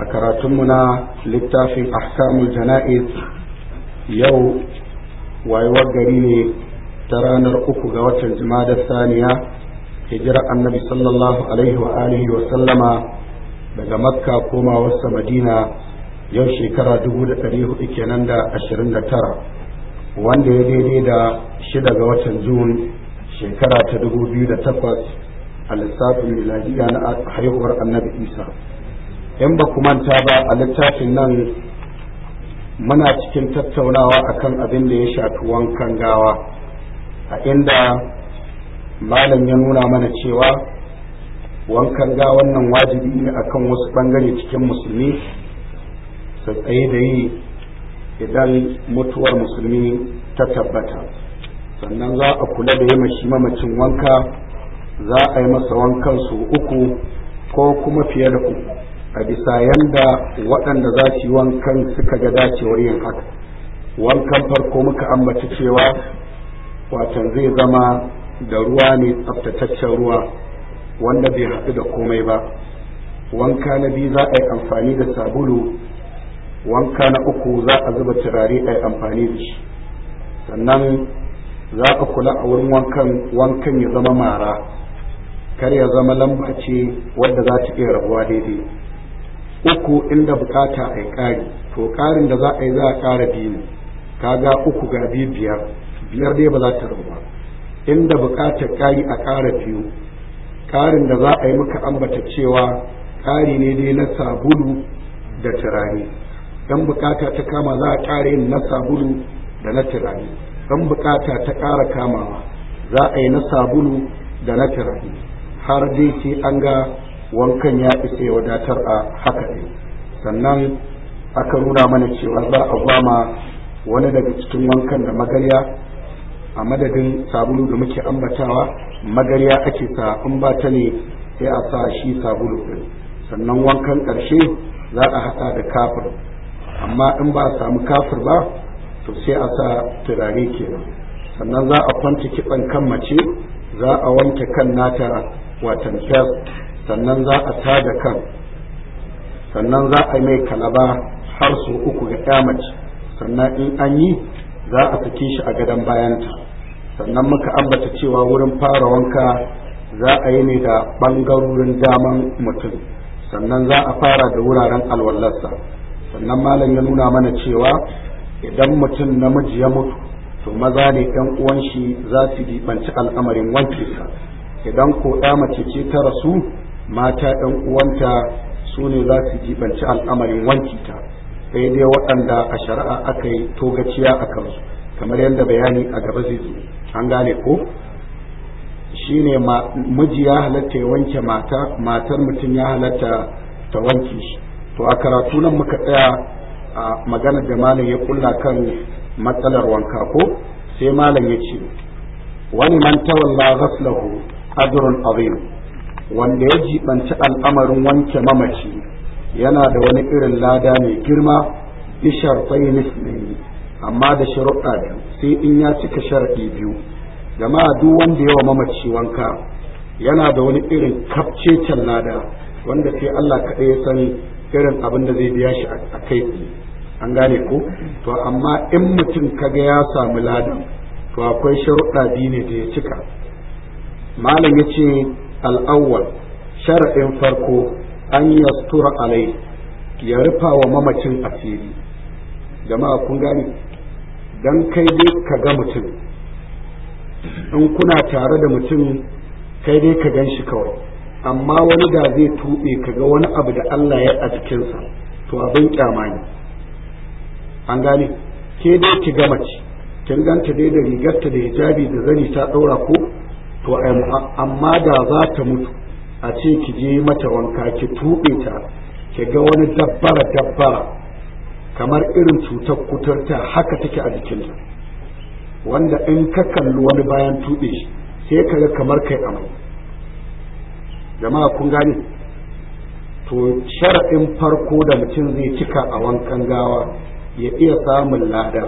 a karatunmu na littafin ahkamul jana'iz yau wayewar gari ne ta ranar uku ga watan jima'a saniya hijira annabi sallallahu alaihi wa alihi wa sallama daga makka koma wasa madina yau shekara dubu da ɗari hudu kenan da ashirin da tara wanda ya daidai da shida ga watan jun shekara ta dubu biyu da takwas a lissafin miladiya na haihuwar annabi isa in ba ku manta ba a littafin nan muna cikin tattaunawa akan abin da ya shafi wankan gawa a inda malam ya nuna mana cewa wankan gawan nan wajibi ne akan wasu bangare cikin musulmi su tsaye da yi idan mutuwar musulmi ta tabbata sannan za a kula da yi shi mamacin wanka za a yi masa wankan su uku ko kuma fiye da uku a bisa yanda waɗanda za su yi wankan suka ga dacewar yin haka wankan farko muka ambaci cewa watan zai zama da ruwa ne tsaftataccen ruwa wanda bai haɗu da komai ba wanka na biyu za a yi amfani da sabulu wanka na uku za a zuba turare a yi amfani da shi sannan za a kula a wurin wankan wankan ya zama mara kar ya zama lamba ce wadda za ta iya rabuwa daidai uku inda bukata a yi ƙari to ƙarin da za a yi za a ƙara biyu ne kaga uku ga biyar biyar dai ba za ta rabu ba inda bukatar ƙari a ƙara biyu ƙarin da za a yi maka ambata cewa ƙari ne dai na sabulu da turare dan bukata ta kama za a ƙara yin na sabulu da na turare dan bukata ta ƙara kamawa za a yi na sabulu da na turare har dai sai an ga wankan ya isa ya wadatar a haka ne sannan aka nuna mana cewa za a gwama wani daga cikin wankan da magarya a madadin sabulu da muke ambatawa magarya ake sa in ba ta ne sai a sa shi sabulu ɗin, sannan wankan ƙarshe za a haɗa da kafir amma in ba a samu kafir ba to sai a sa turare kenan sannan za a kwanta kitsan kan mace za a wanke kan nata watan fes sannan za a tada kan sannan za a mai kalaba har su uku ga mace sannan in an yi za a saki shi a gadon bayanta sannan muka ambata cewa wurin fara wanka za a yi ne da ɓangarorin daman mutum sannan za a fara da wuraren alwallarsa sannan malam ya nuna mana cewa idan mutum namiji ya mutu to maza ne ɗan uwan shi za su dibanci al'amarin sa idan ko ɗa mace ce ta rasu mata ɗan uwanta su ne za su jibanci al'amarin wanki ta sai dai waɗanda a shari'a aka yi togaciya a kansu kamar yadda bayani a gaba zai zo an gane ko Shi ne miji ya halatta ya wanke mata matar mutum ya halatta ta wanki shi to a karatu nan muka tsaya a magana da malam ya kulla kan matsalar wanka ko sai malam ya ce wani man tawalla ghaslahu ajrun azim wanda ya jibanci al'amarin wanke mamaci yana da wani irin lada mai girma bi sharfai mislihi amma da sharuɗa biyu sai in ya cika sharaɗi biyu jama'a duk wanda yawa mamaci wanka yana da wani irin kafcecen lada wanda sai Allah kaɗai ya sani irin abin da zai biya shi a kai an gane ko to amma in mutum kaga ya samu ladan to akwai sharuɗa biyu ne da ya cika malam ya ce al'awwal shar'in farko an yastura alai ya rufa wa mamacin asiri jama'a kun gane don kai dai ka ga mutum in kuna tare da mutum kai dai ka gan shi kawai amma wani da zai tuɓe ka ga wani abu da Allah ya a jikinsa to abin kyama ne an gane ke dai ki ga mace kin ganta dai da rigarta da hijabi da zani ta ɗaura ko to amma da za ta mutu a ce ki je mata wanka ki tuɓe ta ki ga wani dabbara dabbara kamar irin cutar ta haka take a jikinta wanda in ka kalli wani bayan tuɓe shi sai ka ga kamar kai amai jama'a kun gane to sharaɗin farko da mutum zai cika a wankan gawa ya iya samun lada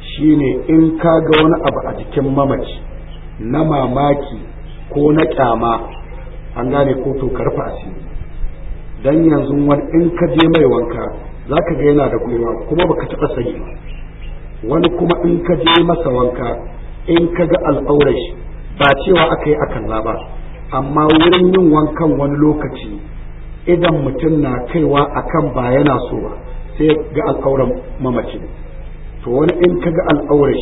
shine in ka ga wani abu a jikin mamaci na mamaki ko na kyama an gane ko to karfa asiri dan yanzu wani in ka je mai wanka zaka ga yana da gwiwa kuma baka taɓa sani ba wani kuma in ka je masa wanka in ka ga al'aurar ba cewa aka yi a ba amma wurin yin wankan wani lokaci idan mutum na kaiwa akan ba yana so ba sai ga al'auran mamaci to wani in ka ga al'aurar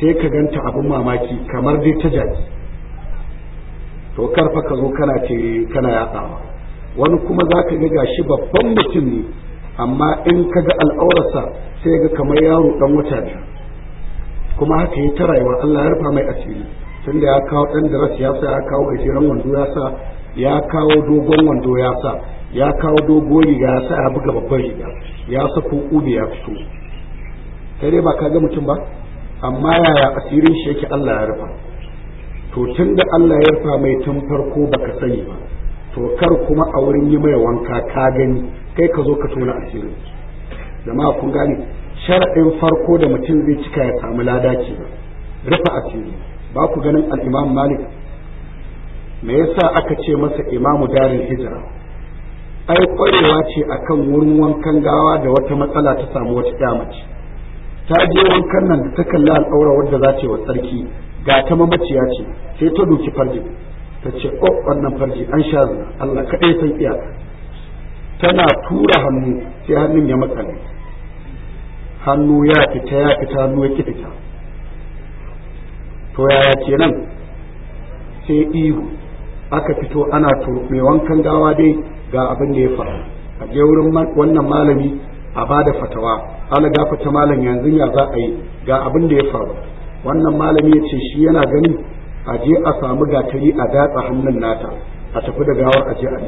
sai ka ganta abin mamaki kamar dai ta jaji to karfa ka zo kana ce kana yatsawa wani kuma za ka ga shi babban mutum ne amma in ka ga al'aurarsa sai ga kamar yaro dan wata biyu kuma haka yi ta rayuwa Allah ya rufa mai asiri tunda ya kawo dan da ya sa ya kawo gajeren wando ya sa ya kawo dogon wando ya sa ya kawo dogon riga ya sa ya buga babban riga ya sa ko ube ya fito kare dai ba ka ga mutum ba amma yaya asirin shi yake Allah ya rufa to tun da Allah ya rufa mai tun farko baka sani ba to kar kuma a wurin yi mai wanka ka gani kai ka zo ka tona asirin jama'a kun gane sharaɗin farko da mutum zai cika ya samu lada ba rufa asiri ba ku ganin al'imam malik me yasa aka ce masa imamu darin hijira ai kwarewa ce akan wurin wankan gawa da wata matsala ta samu wata kyamace ta je wankan nan ta kalli al'aura wadda za ta yi wa tsarki ga ta mamaciya ce sai ta duki farji ta ce oh wannan farji an sha zina Allah kaɗai san iyaka tana tura hannu sai hannun ya matsala. hannu ya fita ya fita hannu ya fita to yaya kenan sai ihu aka fito ana to mai wankan gawa dai ga abin da ya faru a je wurin wannan malami a ba da fatawa ala gafata malam yanzu ya za a yi ga abin da ya faru wannan malami ya ce shi yana gani. a je a samu gatari a datsa hannun nata a tafi da gawar a je a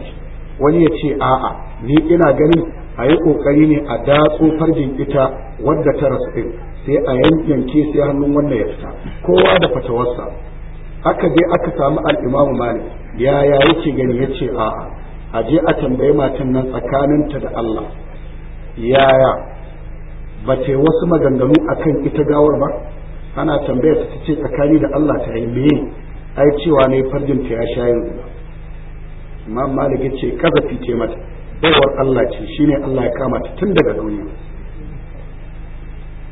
wani ya ce a'a ni ina gani. a yi kokari ne a datso farjin ita wadda ta rasu din sai a yanke sai hannun wannan ya fita kowa da fatawarsa aka je aka samu al'imamu malik yaya yake gani ya ce a'a a je a tambayi matan nan tsakaninta da allah yaya ba ta wasu maganganu kan ita gawar ba ana tambayar ta ce tsakani da Allah ta yi meye ai cewa ne farjin ta ya sha yanzu imam malik ce kaza ce mata baiwar Allah ce shine Allah ya kama ta tun daga duniya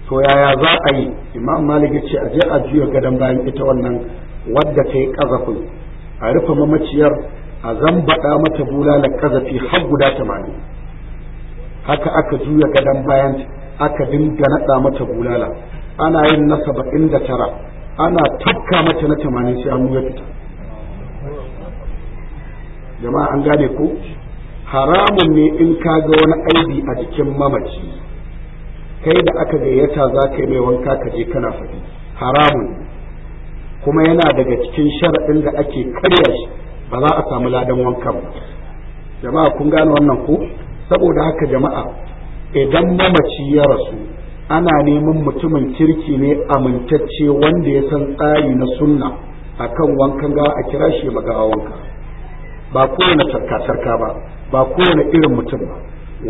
to yaya za a yi imam malik ce a je a juya gadon bayan ita wannan wadda ta yi kazafin a rufe mamaciyar a zambaɗa mata bulalar kazafi har guda tamanin haka aka juya gadon bayan aka dinga naɗa mata bulala ana yin na saba'in da tara ana tafka mata na tamanin sai an ya fita jama'a an gane ko haramun ne in ka ga wani aibi a jikin mamaci kai da aka gayyata za ka yi mai wanka ka je kana faɗi haramun kuma yana daga cikin sharaɗin da ake karya shi ba za a samu ladan wankan ba jama'a kun gane wannan ko saboda haka jama'a idan mamaci ya rasu ana neman mutumin kirki ne amintacce wanda ya san tsari na sunna akan wankan gawa a kira shi magawa wanka ba kowane tarka-tarka ba ba kowane irin mutum ba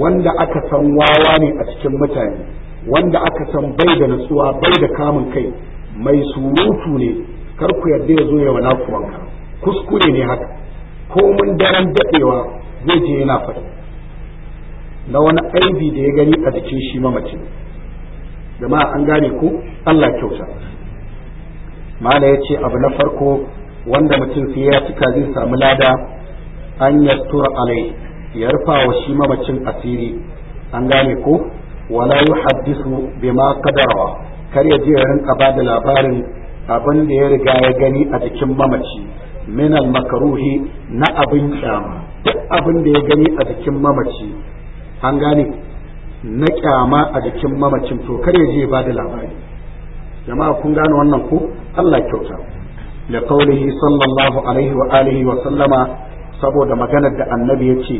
wanda aka san wawa ne a cikin mutane wanda aka san bai da natsuwa bai da kamun kai mai surutu ne kar ku yarda ya zo ya wana ku wanka kuskure ne haka komun daren daɗewa zai je yana faɗi na wani aibi da ya gani a jikin shi mamaci gama an gane ku Allah kyauta mala ya ce abu na farko wanda mutum sai ya cika zai samu lada an yastura alai ya rufa wa shi mamacin asiri an gane ko wala haddisu, bai ma qadara kar ya je ya rinka ba da labarin abin da ya riga ya gani a jikin mamaci min al makruhi na abin kyama duk abin da ya gani a jikin mamaci an gane na kyama a jikin mamacin to kar ya je ba da labari jama'a kun gane wannan ko Allah kyauta da kaulihi sallallahu alaihi wa alihi wa sallama saboda maganar da annabi ya ce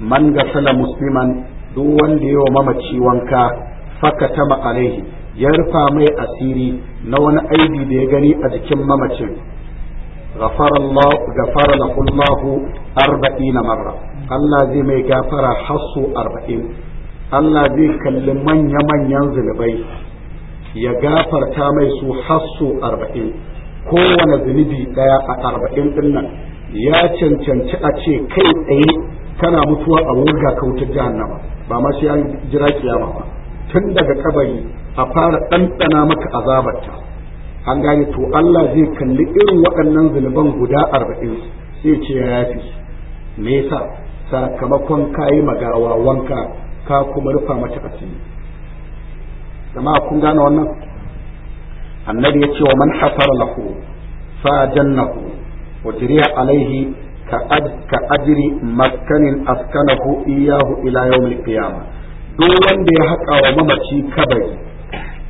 man gasala musliman duk wanda yawa mamaci wanka ma alaihi ya rufa mai asiri na wani aibi da ya gani a jikin mamacin غفر الله غفر له Allah zai mai gafara hasu arba'in Allah zai kalli manya-manyan zunubai ya gafarta mai su hasu arba'in kowane zunubi ɗaya a arba'in ɗin nan ya cancanci a ce kai tsaye kana mutuwa a wurga ka wutar jahannama ba ma shi an jira kiyama ba tun daga kabari a fara ɗanɗana maka azabarta an gane to Allah zai kalli irin waɗannan zunuban guda arba'in sai ce ya yafi me yasa sakamakon kayi magawa wanka ka kuma rufa mata asiri jama'a kun gane wannan annabi yace wa man hafara lahu fa jannahu wa jiriya alaihi ka ajiri maskanin askanahu iyahu ila yawmil qiyamah duk wanda ya haƙa wa mamaci kabari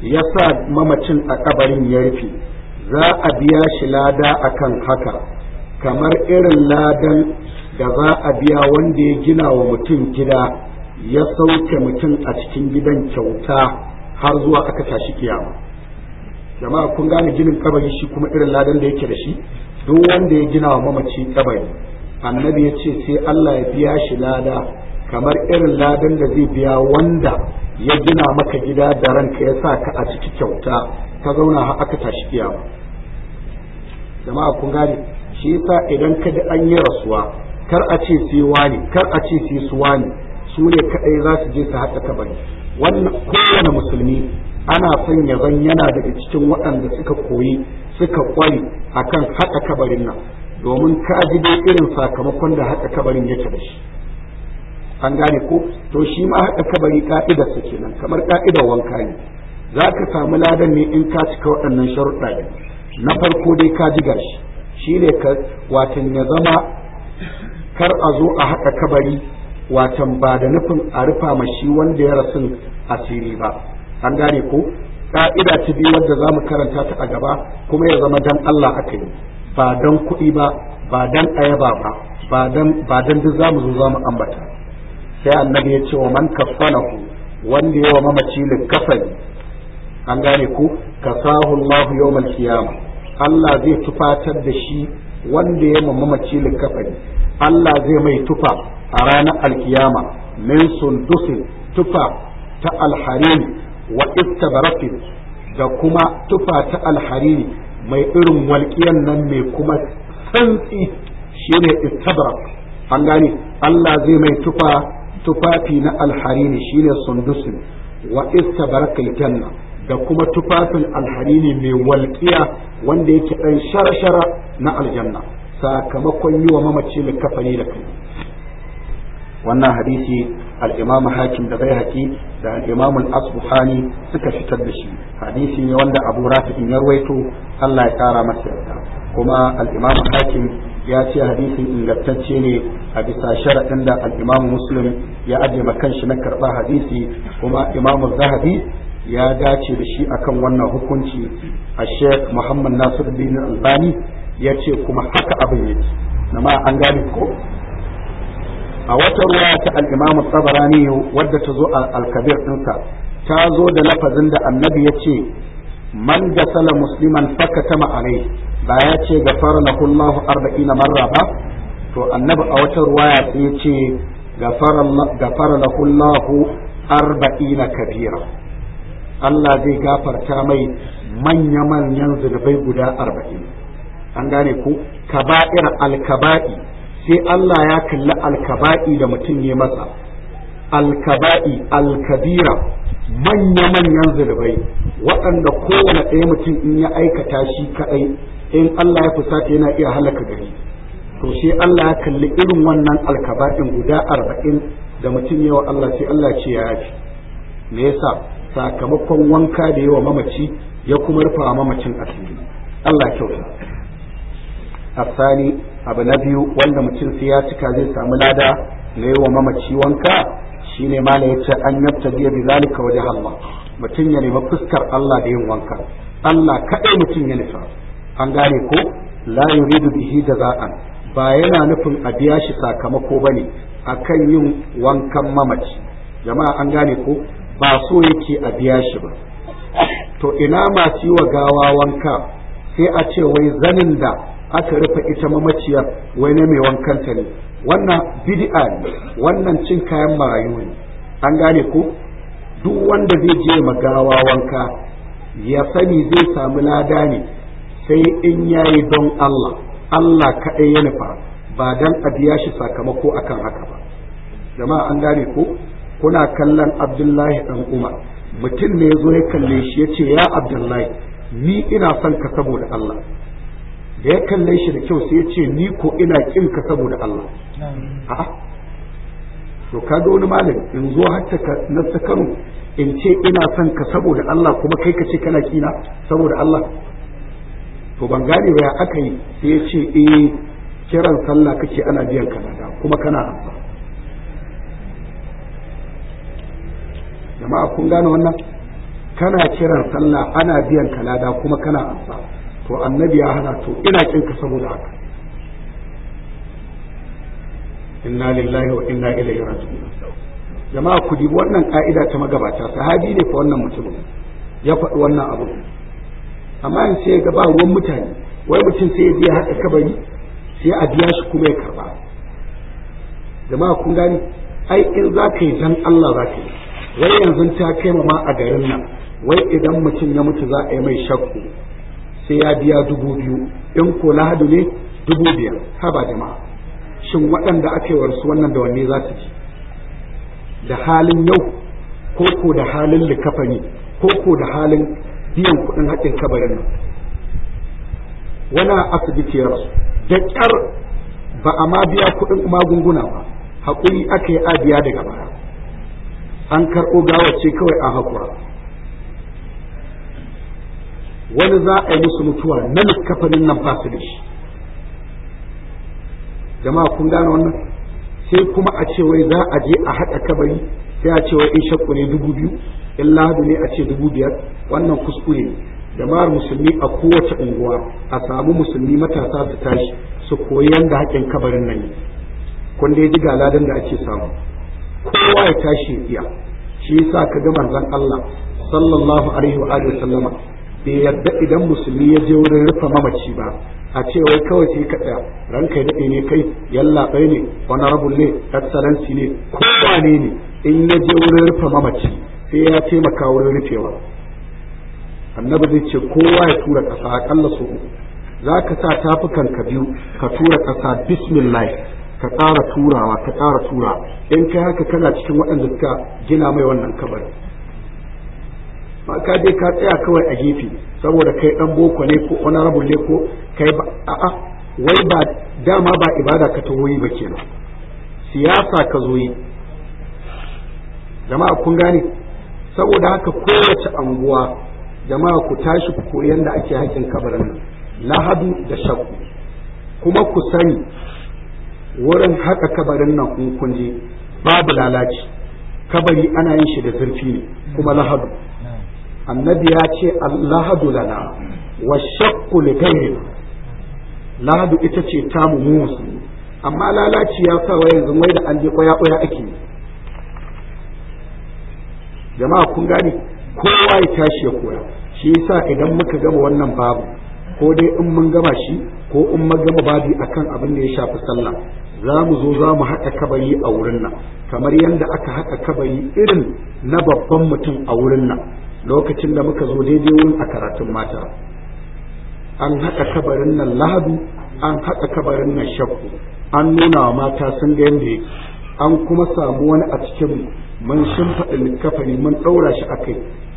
ya sa mamacin a kabarin ya rufe za a biya shi lada akan haka kamar irin ladan da za a biya wanda ya gina wa mutum gida ya sauke mutum a cikin gidan kyauta har zuwa aka tashi kiyama jama'a kun gane ginin kabari shi kuma irin ladan da yake da shi duk wanda ya gina wa mamaci kabari annabi ya ce sai Allah ya biya shi lada kamar irin ladan da zai biya wanda ya gina maka gida da ranka ya sa ka a ciki kyauta ka zauna har aka tashi kiyama jama'a kun gane shi yasa idan ka da an yi rasuwa kar a ce sai wani kar a ce sai su wani su ne kadai za su je su haɗa kabari wannan kowane musulmi ana son ya zan yana daga cikin waɗanda suka koyi suka kwari akan haɗa kabarin nan domin ka ji dai irin sakamakon da haɗa kabarin yake da shi an gane ko to shi ma haɗa kabari ka'idar ke kenan kamar ka'idar wanka ne za ka samu ladan ne in ka cika waɗannan sharuɗa ne na farko dai ka ji gashi shi ne ka watan ya zama kar a zo a haɗa kabari watan ba da nufin a rufa ma shi wanda ya rasu asiri ba an gane ko ka'ida ta biyu wadda za mu karanta ta a gaba kuma ya zama dan Allah aka yi ba dan kuɗi ba ba dan ayaba ba ba dan ba dan duk zamu zo zamu ambata sai annabi ya ce wa man kafalahu wanda yawa mamaci likafani an gane ku kasahu Allah yawmal qiyamah Allah zai tufatar da shi wanda ya mamaci likafani Allah zai mai tufa a ranar alkiyama min sundusin tufa ta alharini wa istabarafin da kuma tufa ta alharini mai irin walƙiyan nan mai kuma santsi shine istabarak an gane Allah zai mai tufa tufafi na alharini shine sundusin wa istabarakil janna da kuma tufafin alharini mai walƙiya wanda yake ɗan shara-shara na aljanna sakamakon yi wa mamaci likafani da kai wannan hadisi al hakim da bai da al-imam asbuhani suka fitar da shi hadisi ne wanda abu rafi'in ya Allah ya kara masa yadda. kuma alimam hakim ya ce hadisin ingantacce ne a bisa sharaɗin da al-imam muslim ya ajiye makan shi na karɓa hadisi kuma imam zahabi ya dace da shi akan wannan hukunci a sheikh muhammad nasir bin albani ya ce kuma haka abin yake ma an gane ko a wata ruwa ta al'imamu tsabarani wadda ta zo a alkabir ɗinka, ta zo da lafazin da annabi ya ce man gasala musliman fakatama alai ba ya ce gafara lahu Allahu arba'ina marra ba to annabi a wata ruwaya sai ya ce gafara lahu Allahu arba'ina kabira Allah zai gafarta mai manya-manyan zunubai guda arba'in an gane ku kaba'ir alkaba'i sai Allah ya kalli alkaba'i da mutum ya masa alkaba'i alkabira manya-manyan zunubai waɗanda kowane ɗaya mutum in ya aikata shi kaɗai in Allah ya fusata yana iya halaka gari to sai Allah ya kalli irin wannan alkaba'in guda arba'in da mutum yawa Allah sai Allah ce ya yafi me yasa sakamakon wanka da yawa mamaci ya kuma rufa mamacin asiri Allah kyauta asali abu na biyu wanda mutum sai ya cika zai samu lada na yawa mamaci wanka shine ma ya ce an yabta biya bi zalika wajen Allah mutum ya nema fuskar Allah da yin wanka Allah kaɗai mutum ya nufa an gane ko la yuridu bihi jaza'an ba yana nufin a biya shi sakamako bane akan yin wankan mamaci jama'a an gane ko ba so yake a biya shi ba to ina masu yi wa gawa wanka sai a ce wai zanin da aka rufe ita mamaciyar wai ne mai wankanta ne wannan bid'a ne wannan cin kayan marayu ne an gane ko duk wanda zai je gawa wanka ya sani zai samu lada ne sai in yayi don Allah Allah kaɗai ya nufa ba dan a biya shi sakamako akan haka ba jama'a an gane ko kuna kallon abdullahi dan umar mutum ne zo ya kalle shi ya ce ya abdullahi ni ina son ka saboda allah da ya kalle shi da kyau sai ya ce ni ko ina kin ka saboda allah a'a to kaga wani malam in zo har ka na sakaru in ce ina son ka saboda allah kuma kai ka ce kana kina saboda allah to ban gane ba ya aka yi sai ya ce eh kiran sallah kake ana biyan kanada kuma kana amsa jama'a kun gane wannan kana kiran sallah ana biyan kalada kuma kana amsa to annabi ya hana to ina kin ka saboda haka inna lillahi wa inna ilaihi raji'un jama'a ku dibi wannan ka'ida ta magabata sahabi ne fa wannan mutumin ya faɗi wannan abu amma in sai ga ba ruwan mutane wai mutum sai ya biya haɗa kabari sai a biya shi kuma ya karba jama'a kun gani ai in za ka yi dan Allah za ka yi wai yanzu ta kai ma a garin nan wai idan mutum ya mutu za a yi mai shakku sai ya biya dubu biyu in ko lahadu ne dubu biyar haba jama'a shin waɗanda ake warsu wannan da wanne za su ji da halin yau ko ko da halin likafani ko ko da halin biyan kuɗin haƙin kabarin nan wani asibiti ya rasu da ƙyar ba a ma biya kuɗin magunguna ba haƙuri aka yi abiya daga baya an karɓo ce kawai a haƙura wani za a yi musu mutuwa na kafanin nan ba su da shi jama'a kun gane wannan sai kuma a ce wai za a je a haɗa kabari sai a ce wai in shakku ne dubu biyu in lahadu ne a ce dubu biyar wannan kuskure ne jama'ar musulmi a kowace unguwa a samu musulmi matasa su tashi su koyi yadda haƙin kabarin nan kun dai ji ga ladan da ake samu kowa ya tashi iya shi yasa ka ga manzon Allah sallallahu alaihi wa alihi sallama bai yadda idan musulmi ya je wurin rufe mamaci ba a ce wai kawai sai ka tsaya ranka ya daɗe ne kai yalla bai ne rabu ne excellency ne kowa ne ne in ya je wurin rufe mamaci sai ya taimaka wurin rufewa annabi zai ce kowa ya tura ƙasa aƙalla su za ka sa tafukan ka biyu ka tura ƙasa bismillah ka ƙara turawa ka ƙara tura in kai haka kana cikin waɗanda suka gina mai wannan kabarin ba ka je ka tsaya kawai a gefe saboda kai dan boko ne ko rabu ne ko kai ba a'a wai ba dama ba ibada ka taho yi ba kenan siyasa ka zo yi jama'a kun gane saboda haka kowace anguwa jama'a ku tashi ku koyi yadda ake hakin kabarin nan lahadu da shakku kuma ku sani wurin haƙa kabarin nan in kun je babu lalaci kabari ana yin shi da zurfi ne kuma lahadu annabi ya ce lahadu lana wa shakku li lahadu ita ce ta mu amma lalaci ya sa yanzu wai da an je koya koya ake jama'a kun gane kowa ya tashi ya koya shi yasa idan muka gama wannan babu ko dai in mun gama shi ko in mun gama babu akan abin da ya shafi sallah za mu zo za mu haɗa kabari a wurin nan kamar yadda aka haɗa kabari irin na babban mutum a wurin nan lokacin da muka zo daidai wurin a karatun mata an haɗa kabarin nan lahadu an haɗa kabarin nan shakku an nuna wa mata sun ga yadda an kuma samu wani a cikin mun faɗi likafani mun ɗaura shi kai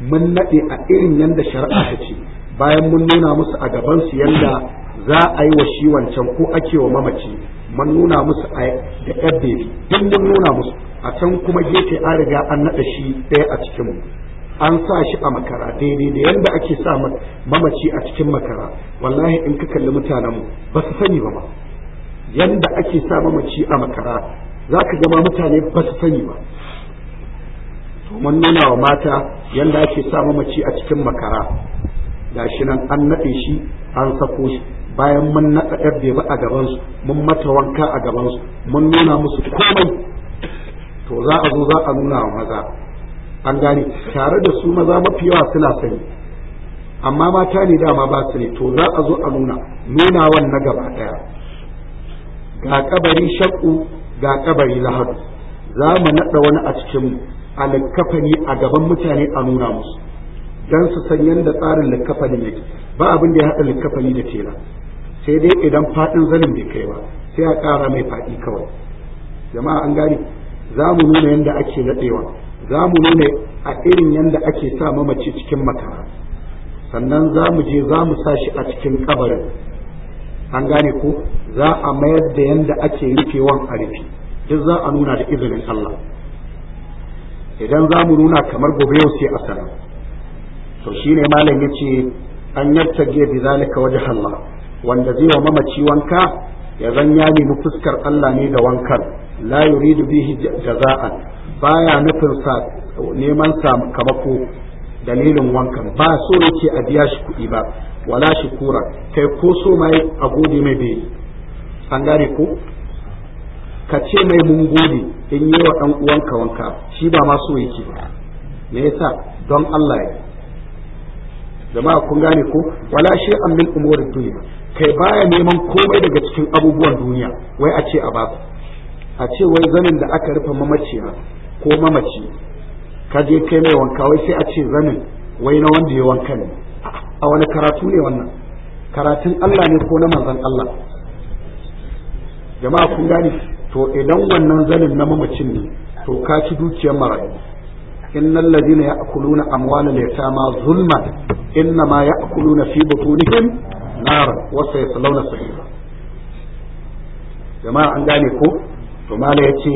mun naɗe a irin yadda shari'a ta ce bayan mun nuna musu a gabansu yadda za a yi wa shi wancan ko ake wa mamaci mun nuna musu da yabbe duk mun nuna musu a can kuma gefe an riga an naɗa shi ɗaya a cikin an sa shi a makara daidai da yadda ake sa mamaci a cikin makara wallahi in ka kalli mutanen mu ba su sani ba ma yadda ake sa mamaci a makara za ka gama mutane ba su sani ba to mun nuna wa mata yadda ake sa mamaci a cikin makara shi nan an naɗe shi an sako shi bayan mun naɗa da ba a gabansu mun mata wanka a gabansu mun nuna musu komai to za a zo za a nuna wa maza an gane tare da su maza mafi yawa suna sani amma mata ne dama ba su ne to za a zo a nuna nunawan na gaba ɗaya ga kabari shakku ga kabari lahadu za mu naɗa wani a cikin alkafani a gaban mutane a nuna musu don su san yadda tsarin likkafanin yake ba abin da ya haɗa likafani da tela sai dai idan faɗin zanin bai kai ba sai a ƙara mai faɗi kawai jama'a an gane za mu nuna yadda ake naɗewa za mu nuna a irin yadda ake sa mamaci cikin matara sannan za mu je za mu sa shi a cikin kabarin an gane ko za a mayar da yadda ake rufewan a rufe duk za a nuna da izinin Allah idan za mu nuna kamar gobe yau sai a sana to shine malam yace an yatta bi zalika wajhan Allah wanda zai wa mamaci wanka ya zan ya nemi fuskar Allah ne da wankan la yuridu bihi jaza'a baya nufin sa neman sa sakamako dalilin wankan ba so yake a biya shi kuɗi ba wala shi kura. kai ko so mai a gode mai bai an gane ko ka ce mai mun gode in yi wa ɗan uwanka wanka shi ba ma so yake ba me yasa don Allah ya jama'a kun gane ko wala an min umurin duniya kai baya neman komai daga cikin abubuwan duniya wai a ce a baku a ce wai zanin da aka rufe mamaciya ko mamaci ka je kai mai wanka wai sai a ce zanin wai na wanda ya wanka ne a wani karatu ne wannan karatun Allah ne ko na manzon Allah jama'a kun gane to idan wannan zanin na mamacin ne to ka ci dukiyar marayu In innal ladina na amwalal yatama zulman innama ya'kuluna fi ya nara wa sayaslawna sa'ira jama'a an gane ko to ya ce,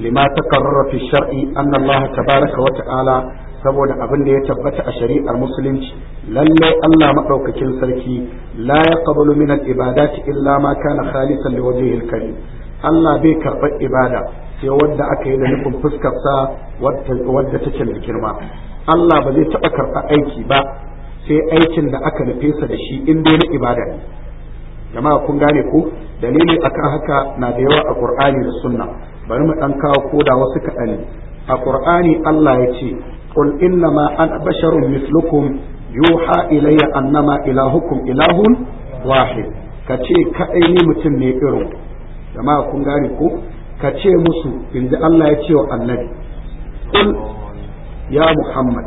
lima takan fi shar'i anna ta baraka wata ala, saboda abin da ya tabbata a shari'ar musulunci lallai Allah madaukakin sarki la yaqbalu min al-ibadati illa ma kana khalisan liwajhihil karim Allah bai karɓar ibada sai wadda aka yi da nufin fuskarsa wadda take da girma Allah ba zai taɓa karɓa aiki ba sai aikin da aka nufe sa da shi in dai na ibada ne jama'a kun gane ko dalili akan haka na da yawa a Qur'ani da Sunna bari mu dan kawo koda wasu kaɗan a Qur'ani Allah ya ce qul ma ana basharun mislukum yuha ilayya annama ilahukum ilahun wahid kace kadai ni mutum ne irin jama'a kun gane ko ka ce musu inda Allah ya ce wa annabi kul ya Muhammad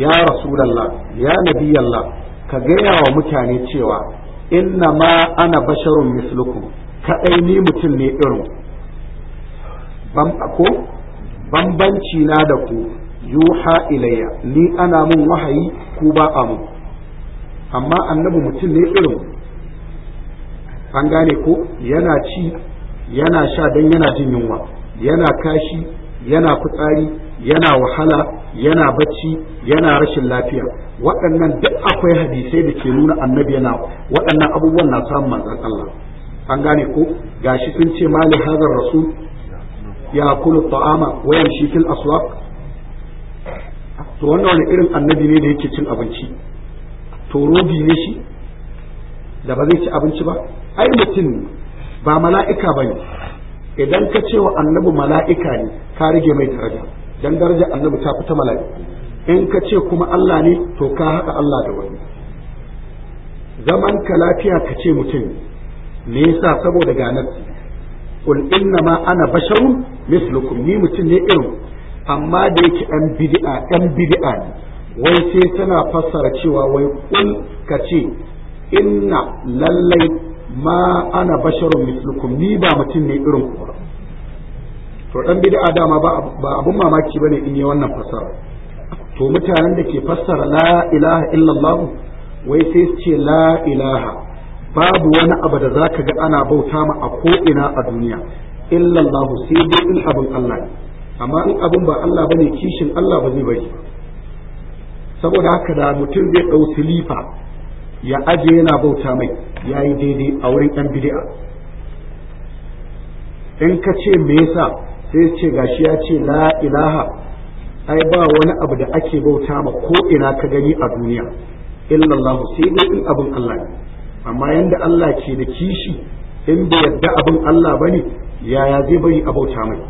ya Rasulallah ya Nabiyallah ka gaya wa mutane cewa inna ma ana basharun mislukum kaɗai ni mutum ne irin ko bambanci na da ku yuha ilayya ni ana mun wahayi ku ba a amma annabi mutum ne irin an gane ko yana ci yana sha don yana jin yunwa yana kashi yana fitsari yana wahala yana bacci yana rashin lafiya waɗannan duk akwai hadisai da ke nuna annabi yana waɗannan abubuwan na samun manzan Allah an gane ko gashi sun ce mali hazar rasul ya kulu ta'ama wayan shi fil aswaq to wannan wani irin annabi ne da yake cin abinci to robi ne shi da ba zai ci abinci ba ai mutum ba mala'ika ba ne idan ka ce wa annabi mala'ika ne ka rage mai daraja dan daraja annabi ta fita mala'ika in ka ce kuma Allah ne to ka haɗa Allah da wani zaman ka lafiya ka ce mutum me yasa saboda ganar kul inna ma ana basharun mislukum ni mutum ne irin amma da yake ɗan bid'a ɗan bid'a ne wai sai tana fassara cewa wai kul ka ce inna lallai ma ana basharun mislukum ni ba mutum ne irin ku ba to dan bid'a dama ba abun mamaki bane in yi wannan fasara to mutanen da ke fassara la ilaha illallah wai sai su ce la ilaha babu wani abu da zaka ga ana bauta ma a ko ina a duniya illallah sai dai in abun Allah amma in abun ba Allah bane kishin Allah ba zai bari saboda haka da mutum zai dau silifa ya aje yana bauta mai ya yi daidai a wurin yan bid'a in ka ce me yasa sai ce gashi ya ce la ilaha ai ba wani abu da ake bauta ma ko ina ka gani a duniya illallah sai dai in abin Allah ne amma yanda Allah ke da kishi in bai yadda abin Allah bane yaya zai bari a bauta mai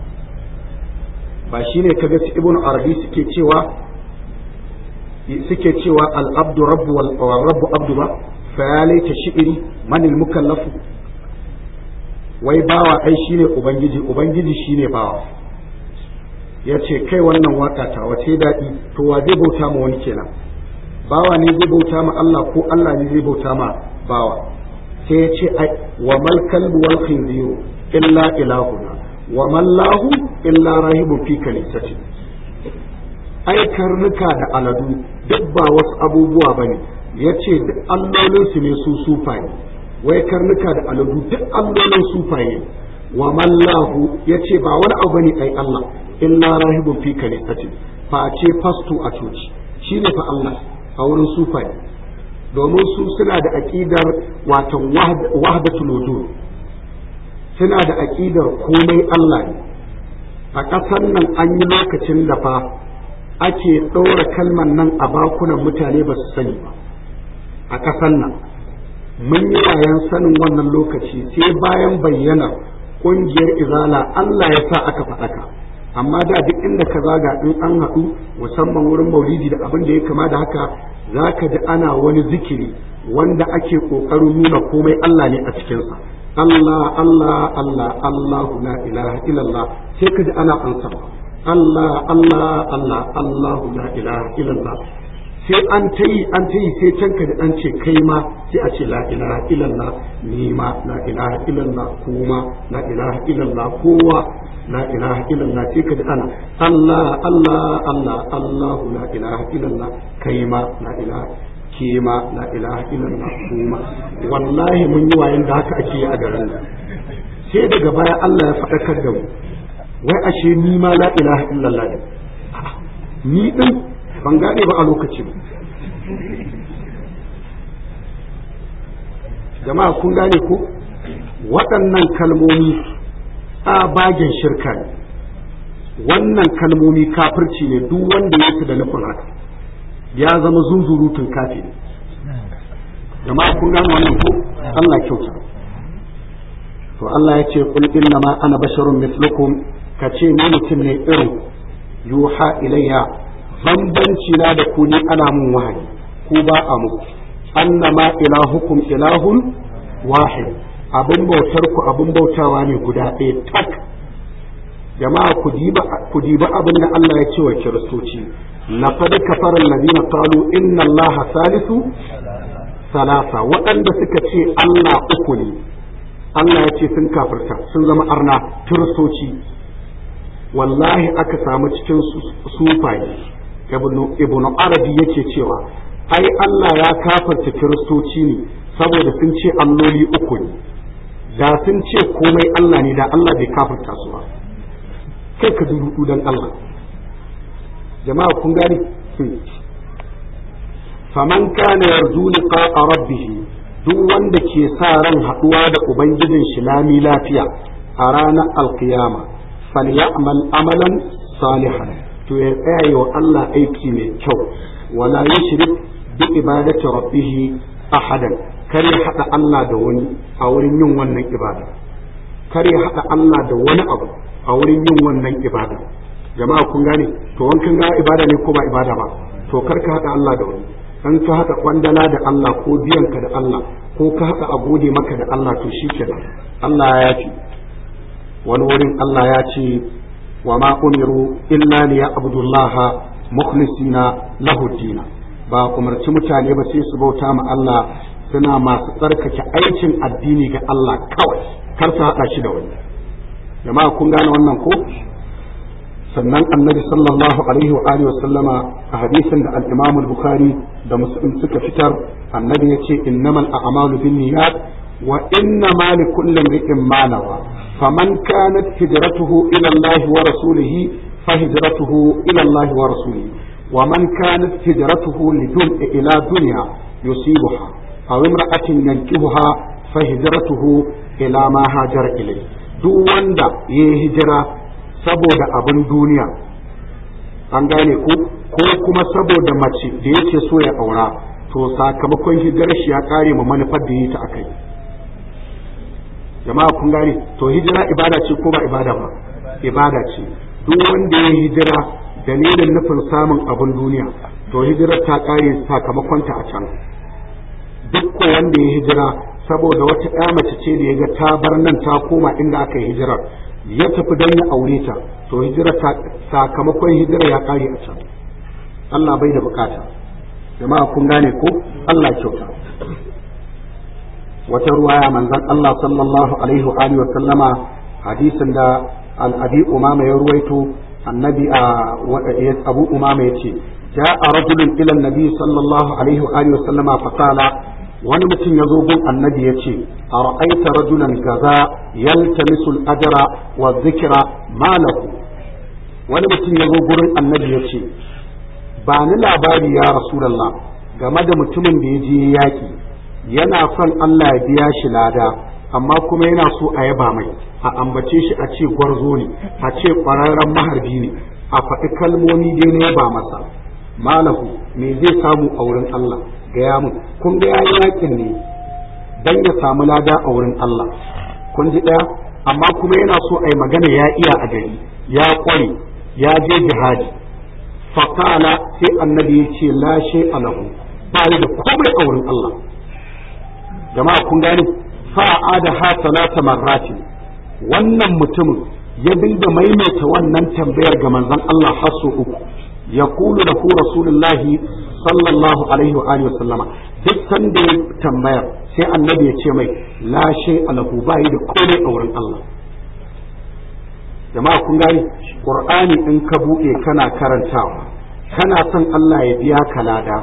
ba shine kaga su ibnu arabi suke cewa suke cewa al'abdu rabbu wal rabbu abdu ba fa ya laita shi'iri man al mukallafu wai bawa ai shine ubangiji ubangiji shine bawa ya ce kai wannan waka ta wace daɗi to wa zai bauta ma wani kenan bawa ne zai bauta ma Allah ko Allah ne zai bauta ma bawa sai ya ce ai wa mal kalbu wal khinziru illa ilahuna wa man lahu illa rahibu fi kalisati ai karnuka da aladu duk ba wasu abubuwa ba ne. Ya ce duk allolin su ne su sufaye wai karnuka da aladu duk allolin sufaye wa mallahu Ya ce ba wani abu ne ai Allah illa rahibun fi kalisatin fa ce fasto a coci Shi ne fa Allah a wurin sufaye domin su suna da aƙidar watan wahdatul wujud suna da aƙidar komai Allah ne a ƙasar nan an yi lokacin da fa ake ɗora kalman nan a bakunan mutane ba su sani ba a ƙasan nan mun yi bayan sanin wannan lokaci sai bayan bayyana ƙungiyar izala Allah ya sa aka faɗaka amma da duk inda ka zaga in an haɗu musamman wurin maulidi da abin da ya kama da haka za ka ji ana wani zikiri wanda ake ƙoƙarin nuna komai Allah ne a cikinsa Allah Allah Allah Allahu na ilaha sai ka ji ana ansa Allah Allah Allah Allahu la ilaha illallah sai an ta yi an ta yi sai can ka da an ce kai ma sai a ce la ilaha illallah ni ma la ilaha illallah kuma la ilaha illallah kowa la ilaha illallah sai ka da ana Allah Allah Allah Allahu la ilaha illallah kai ma la ilaha ke ma la ilaha illallah kuma wallahi mun yi wayan da haka ake yi a garin sai daga baya Allah ya faɗakar da mu wai ashe ni ma la ilaha illallah ne ni din ban gane ba a lokacin jama'a kun gane ko waɗannan kalmomi a bagen shirka ne wannan kalmomi kafirci ne duk wanda ya da nufin haka ya zama zunzurutun kafiri jama'a kun gane wannan ko Allah kyauta to Allah ya ce kul inna ma ana basharun mithlukum ka ce ni mutum ne irin yuha ilayya bambanci na da ku ni ana mun wahayi ku ba a muku annama ilahukum ilahun wahid abin bautar ku abin bautawa ne guda ɗaya tak jama'a ku diba abin da Allah ya ce wa kiristoci laqad kafara alladhina qalu inna allaha salisu salasa waɗanda suka ce Allah uku ne Allah ya ce sun kafirta sun zama arna kiristoci wallahi aka samu cikin sufaye Ibnu arabi yake cewa ai Allah ya kafarta kiristoci ne saboda sun ce alloli uku ne da sun ce komai Allah ne da Allah bai kafarta su ba kai ka dudu dan Allah jama'a kun gani hmm. faman kana yarju liqa rabbih duk wanda ke sa ran haduwa da ubangijin shi lami lafiya a ranar alkiyama falyamal amalan salihan to ya tsaya wa Allah aiki mai kyau wala yushrik bi ibadati rabbih ahadan kar ya hada Allah da wani a wurin yin wannan ibada kar ya hada Allah da wani abu a wurin yin wannan ibada jama'a kun gane to wankan ga ibada ne ko ba ibada ba to kar ka hada Allah da wani an ka haɗa kwandala da Allah ko biyanka da Allah ko ka haɗa a gode maka da Allah to shi kenan Allah ya yafi wani wurin Allah ya ce wa ma umiru illa li ya'budullaha mukhlisina lahu dina ba umarci mutane ba sai su bauta ma Allah suna masu tsarkake aikin addini ga Allah kawai kar su hada shi da wani jama'a kun gane wannan ko sannan annabi sallallahu alaihi wa alihi a hadisin da al al-Bukhari da Muslim suka fitar annabi yace innamal a'malu binniyat وإنما لكل امرئ ما نوى فمن كانت هجرته إلى الله ورسوله فهجرته إلى الله ورسوله ومن كانت هجرته لدن... إلى دنيا يصيبها أو امرأة ينكهها فهجرته إلى ما هاجر إليه duk wanda ya yi hijira saboda abin duniya an gane ku ko kuma saboda mace da yake so ya aura to sakamakon hijirar shi ya kare ma manufar da yi ta akai jama'a kun gane to hijira ibada ce ko ba ibada ba ibada ce duk wanda ya hijira dalilin nufin samun abin duniya to hijira ta kare sakamakonta a can duk wanda ya hijira saboda wata ɗa mace ce da ya ga ta bar nan ta koma inda aka yi hijirar ya tafi don ya aure ta to hijira sakamakon hijira ya kare a can Allah bai da bukata jama'a kun gane ko Allah kyauta wata ruwaya manzon Allah sallallahu alaihi wa alihi wa sallama hadisin da al-abi umama ya ruwaito annabi a abu umama yace جاء رجل إلى النبي صلى الله عليه وآله وسلم فقال wani mutum ya zo gun annabi ya ce a ra'aita rajulan gaza yalta al-ajra wa zikira malahu wani mutum ya zo gurin annabi ya ce ba ni labari ya rasulallah game da mutumin da ya je yaƙi. yana son Allah ya biya shi lada amma kuma yana so a yaba mai a ambace shi a ce gwarzo ne a ce ƙwararren maharbi ne a faɗi kalmomi dai na yaba masa malahu me zai samu a wurin Allah gaya mun kun ga yayi yakin ne dan ya samu lada a wurin Allah kun ji ɗaya amma kuma yana so a yi magana ya iya a gari ya ƙware ya je jihadi fakala sai annabi ya ce la shay'a lahu ba da komai a wurin Allah jama'a kun gane fa'ada ha salata marratin wannan mutumin ya dinga maimaita wannan tambayar ga manzon Allah har sau uku da ku rasulullahi sallallahu alaihi wa alihi wasallama duk sanda ya tambaya sai annabi ya ce mai la shay alahu bai da komai a wurin Allah jama'a kun gane qur'ani in ka buɗe kana karantawa kana son Allah ya biya ka lada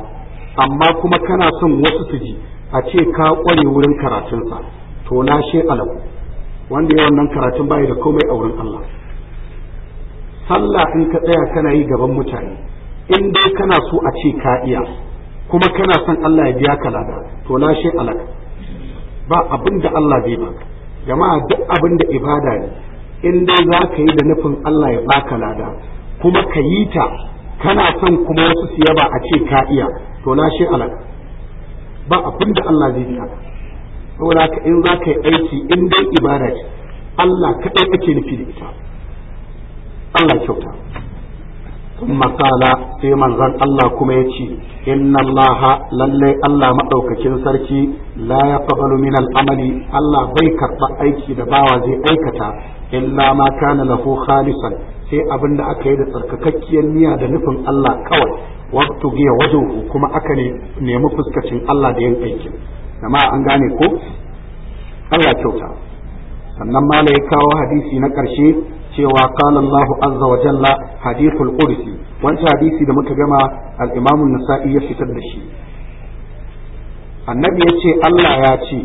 amma kuma kana son wasu su ji a ce ka ƙware wurin karatunsa to na she alau wanda yawan nan karatun baya da komai a wurin Allah sallah in ka tsaya kana yi gaban mutane in dai kana so a ce ka iya kuma kana son Allah ya biya ka lada to na she alaka ba abin da Allah zai baka jama'a duk abin da ibada ne in dai za ka yi da nufin Allah ya baka lada kuma ka yi ta kana son kuma wasu su yaba a ce ka iya to na she alaka ba abin da Allah zai biya ka saboda in za ka yi aiki in dai ibada ce Allah kaɗai kake nufi da ita Allah kyauta masala sai manzan Allah kuma ya ce inna Allah lalle Allah maɗaukakin sarki la ya faɓalu min al'amali Allah bai karɓa aiki da bawa zai aikata illa ma na lahu khalisan sai abin da aka yi da tsarkakakkiyar niyya da nufin Allah kawai wato giya wajen kuma aka ne nemi fuskacin Allah da yin aikin jama'a an gane ko Allah kyauta sannan ma ya kawo hadisi na ƙarshe cewa qala Allah azza wa jalla hadithul qudsi wancan hadisi da muka gama al-Imam nasai ya fitar da shi annabi yace Allah ya ce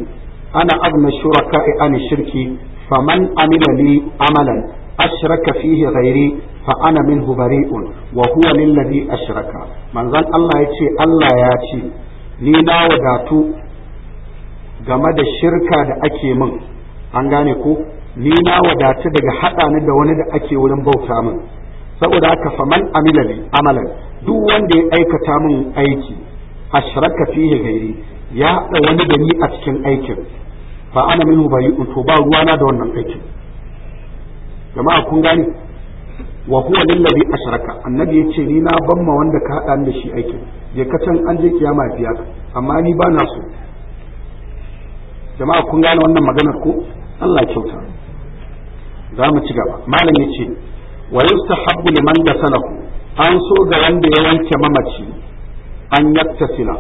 ana abna shuraka'i an shirki faman amila li amalan ashraka fihi ghairi fa ana min bari'un wa huwa lillazi ashraka manzon Allah yace Allah ya ce ni na wadatu game da shirka da ake min an gane ko ni na wadatu daga hada ni da wani da ake wurin bauta min saboda haka faman amila amalan duk wanda ya aikata min aiki ashraka fihi gairi ya haɗa wani da ni a cikin aikin fa ana minhu bari'un to ba ruwana da wannan aikin jama'a kun gane wa huwa lillazi ashraka annabi yace ni na bamma wanda ka hada da shi aikin je ka can an je kiyama biya ka amma ni ba na so jama'a kun gane wannan maganar ko Allah ya kyauta za mu ci gaba malam yace wa yustahabbu liman gasalahu an so ga wanda ya wanke mamaci an yaktasila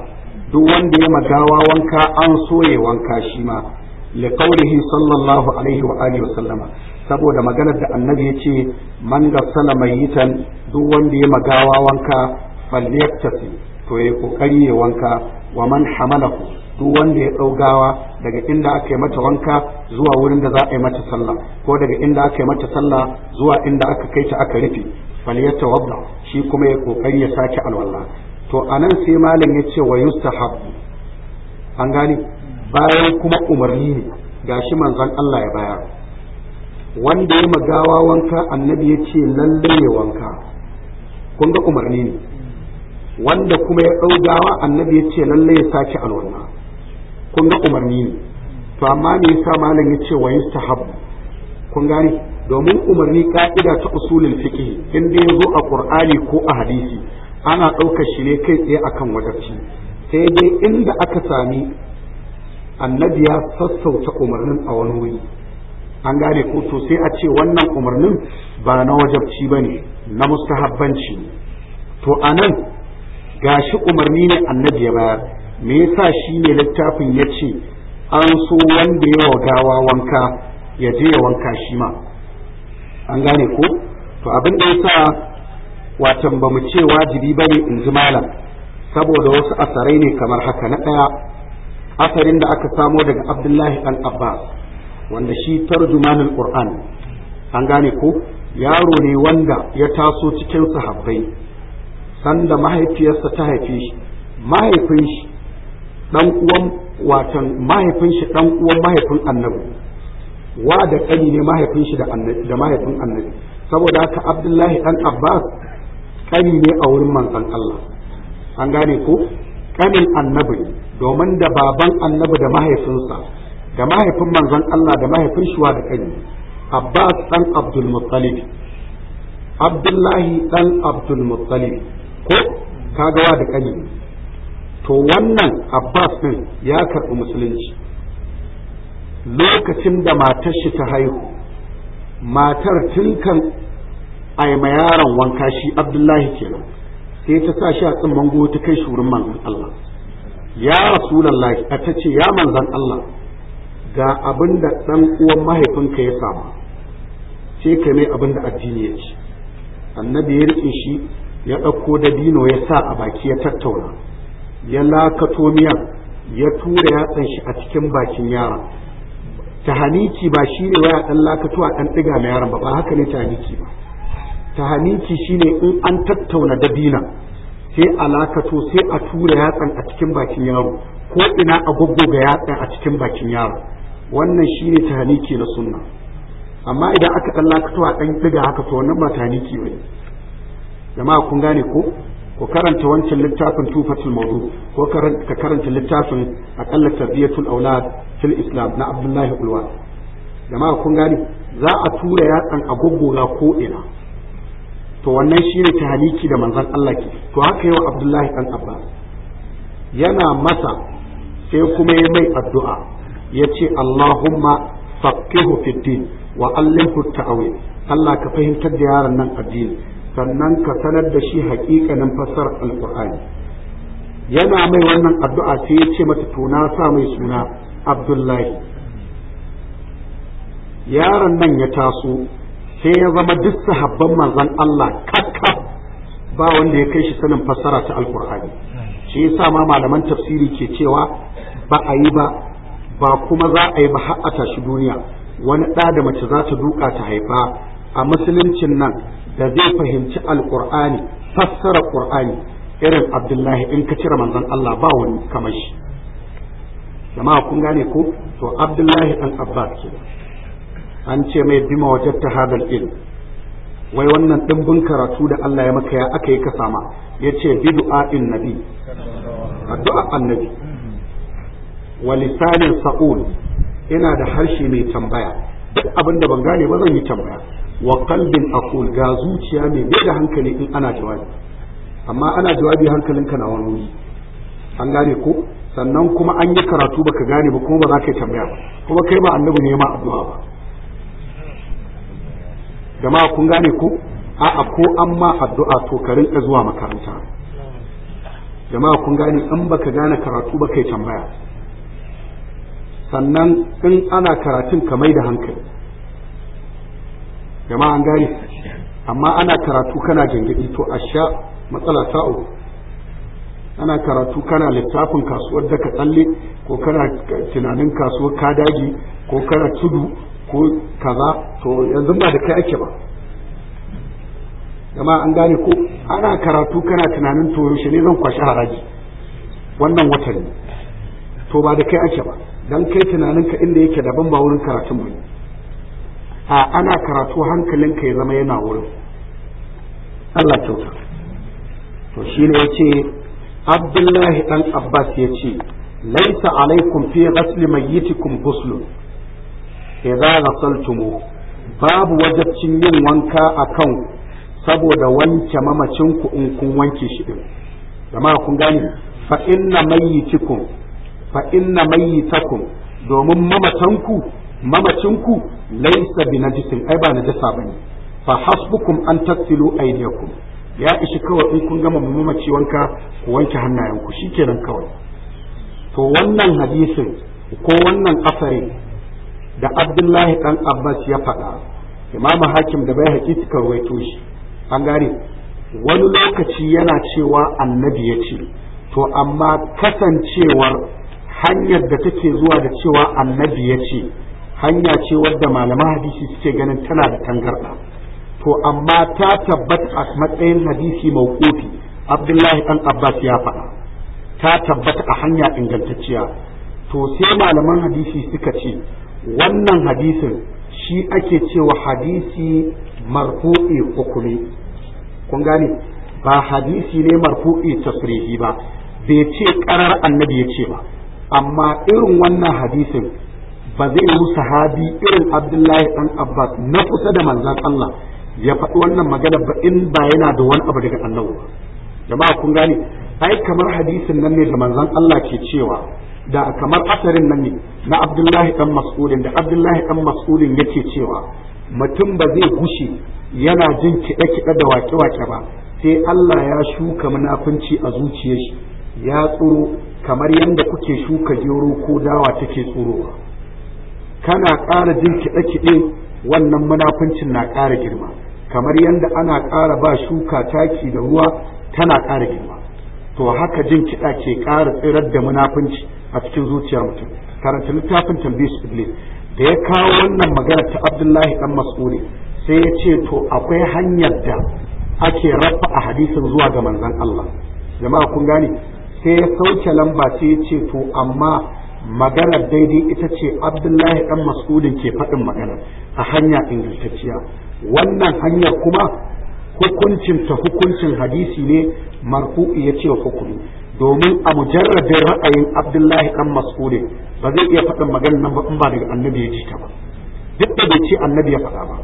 duk wanda ya magawa wanka an so ya wanka shi ma liqaulihi sallallahu alaihi wa alihi wa sallama saboda maganar da annabi ya ce man gassala yitan duk wanda ya magawa wanka falyaktasi to ya kokari ya wanka wa man ku. duk wanda ya ɗaugawa daga inda aka yi mata wanka zuwa wurin da za a yi mata sallah ko daga inda aka yi mata sallah zuwa inda aka kai ta aka rufe falyatta wabda shi kuma ya kokari ya sake alwala to a nan sai malam ya ce wa yustahab an gani bayan kuma umarni ne gashi manzon Allah ya bayar wanda ya magawa wanka annabi ya ce lalle ya wanka kun ga umarni ne wanda kuma ya ɗau gawa annabi ya ce lalle ya sake alwala kun ga umarni ne to amma me yasa malam ya ce wa yustahab kun gane domin umarni ka'ida ta usulul fiqh in ya yazo a qur'ani ko a hadisi ana ɗaukar shi ne kai tsaye akan wadarci sai dai inda aka sami annabi ya sassauta umarnin a wani wuri an gane ko to sai a ce wannan umarnin ba na wajabci ba ne na mustahabbanci to a nan gashi umarni ne annabi ya bayar me yasa shi ne littafin ya ce an so wanda ya gawa wanka ya je ya wanka shi ma an gane ko to abin da yasa watan ba mu ce wajibi ba ne in ji malam saboda wasu asarai ne kamar haka na ɗaya asarin da aka samo daga abdullahi dan abbas wanda shi tarjumanin qur'an an gane ko yaro ne wanda ya taso cikin sahabbai sanda mahaifiyarsa ta haife shi mahaifin shi dan uwan watan mahaifin shi dan uwan mahaifin annabi wa da kani ne mahaifin shi da annabi da mahaifin annabi saboda haka abdullahi dan abbas kani ne a wurin manzon Allah an gane ko kanin annabi domin da baban annabi da mahaifinsa da mahaifin manzon Allah da mahaifin shuwa da kai Abbas dan Abdul Muttalib Abdullahi dan Abdul Muttalib ko kagawa da kai to wannan Abbas din ya karɓi musulunci lokacin da matar shi ta haihu matar tinkan ayyama yaron wanka shi Abdullahi kenan sai ta sa shi a tsimman ta kai shi wurin manzon Allah ya rasulullahi ta ce ya manzon Allah ga abin da ɗan uwan mahaifinka ya samu sai ka mai abin da addini ya ci annabi ya riƙe shi ya ɗauko da dino ya sa a baki ya tattauna ya lakato miyan ya tura yatsan shi a cikin bakin yaron tahaniki ba shi ne waya ɗan lakato a ɗan ɗiga mai yaron ba ba haka ne tahaniki ba tahaniki ne in an tattauna dabina sai a lakato sai a tura yatsan a cikin bakin yaro ko ina a ga yatsan a cikin bakin yaro wannan shi ne tahaliki na sunna amma idan aka dan lakatowa ɗan ɗiga haka to wannan ba ba ne. jama'a kun gane ko ko karanta wancan littafin tufatul mawdu ko ka karanta littafin aqalla tarbiyatul aulad fil islam na abdullahi ulwa jama'a kun gane za a tura yatsan gogora ko ina to wannan shine tahaliki da manzon Allah ke to haka yau abdullahi dan abbas yana masa sai kuma yi mai addu'a ya ce Allahumma faqihu fid din wa allimhu ta'awil Allah ka fahimtar da yaron nan addini sannan ka sanar da shi haƙiƙanin fasar alqur'ani yana mai wannan addu'a sai ya ce mata to na sa mai suna Abdullahi yaron nan ya taso sai ya zama duk sahabban manzon Allah kakka ba wanda ya kai shi sanin fassara ta alqur'ani shi yasa ma malaman tafsiri ke cewa ba a yi ba ba kuma za a yi ba har duniya wani ɗa da mace za ta duka ta haifa a musuluncin nan da zai fahimci alƙur'ani fassara ƙur'ani irin abdullahi in ka cire manzon Allah ba wani kamar shi jama'a kun gane ko to abdullahi dan abbas ke an ce mai bima ta hadal il wai wannan dimbin karatu da Allah ya maka ya aka yi ka sama ya bi du'a nabi addu'a annabi wa sa'ul ina da harshe mai tambaya duk abin da ban gane ba zan yi tambaya wa qalbin aqul ga zuciya mai bai hankali in ana jawabi amma ana jawabi hankalinka na wani wuri an gane ko sannan kuma an yi karatu baka gane ba kuma ba za ka yi tambaya ba kuma kai ba annabi ne ma addu'a ba jama'a kun gane ko a'a ko an ma addu'a to ka rinka zuwa makaranta jama'a kun gane in baka gane karatu baka yi tambaya sannan in ana karatun ka mai da hankali jama'a an gane amma ana karatu kana gangadi to a sha matsala ta uku ana karatu kana littafin kasuwar da ka tsalle ko kana tunanin kasuwar ka dagi ko kana tudu ko kaza to yanzu ba da kai ake ba jama'a an gane ko ana karatu kana tunanin to yaushe ne zan kwashi haraji wannan watanni. to ba da kai ake ba dan kai tunaninka inda yake daban ba wurin karatun ba a ana karatu hankalinka ya zama yana wurin Allah kyauta to shi ya yace Abdullahi dan Abbas ya ce laisa alaikum fi ghasli mayyitikum ghuslun idza ghasaltum babu wajabcin yin wanka akan saboda wanke ku in kun wanke shi din jama'a kun gane fa inna mayyitikum fa inna mayyitakum domin mamatanku mamacinku laysa bi najisin ai ba najasa bane fa hasbukum an tasilu aydiyakum ya ishi kawai in kun gama mamaci wanka ku wanke hannayenku shikenan kawai to wannan hadisin ko wannan asari da abdullahi dan abbas ya faɗa Imam hakim da bai haƙi suka rawaito shi an gare. wani lokaci yana cewa annabi ya ce to amma kasancewar hanyar da take zuwa da cewa annabi ya ce hanya ce wadda malaman hadisi suke ganin tana da tangarɗa to amma ta tabbata a matsayin hadisi mawqufi abdullahi dan abbas ya faɗa ta tabbata a hanya ingantacciya to sai malaman hadisi suka ce wannan hadisin shi ake cewa hadisi marfu'i hukumi kun gane ba hadisi ne marfu'i tasrihi ba bai ce karar annabi ya ce ba amma irin wannan hadisin ba zai yi sahabi irin abdullahi dan abbas na kusa da manzan allah ya faɗi wannan magana ba in ba yana da wani abu daga annabi ba jama'a kun gane ai kamar hadisin nan ne da manzan allah ke cewa da kamar asarin nan ne na abdullahi dan mas'udin da abdullahi dan mas'udin yake cewa mutum ba zai gushe yana jin kiɗe-kiɗe da wake-wake ba sai allah ya shuka munafunci a zuciyar shi ya tsuro kamar yadda kuke shuka gero ko dawa take tsurowa kana ƙara jin kiɗe-kiɗe wannan munafuncin na ƙara girma kamar yadda ana ƙara ba shuka taki da ruwa tana ƙara girma to haka jin kiɗa ke ƙara tsirar da munafunci a cikin zuciyar mutum karanta littafin tambayar iblis da ya kawo wannan magana ta abdullahi dan masuli sai ya ce to akwai hanyar da ake rafa a hadisin zuwa ga manzon Allah jama'a kun gane sai ya sauke lamba sai ya ce to amma maganar daidai ita ce abdullahi Ɗan mas'udin ke faɗin magana a hanya ingantacciya wannan hanyar kuma hukuncin ta hukuncin hadisi ne marfu'i ya ce wa hukumi domin a mujarradin ra'ayin abdullahi Ɗan mas'udin ba zai iya faɗin maganar nan ba in ba daga annabi ya jita ba duk da bai ce annabi ya faɗa ba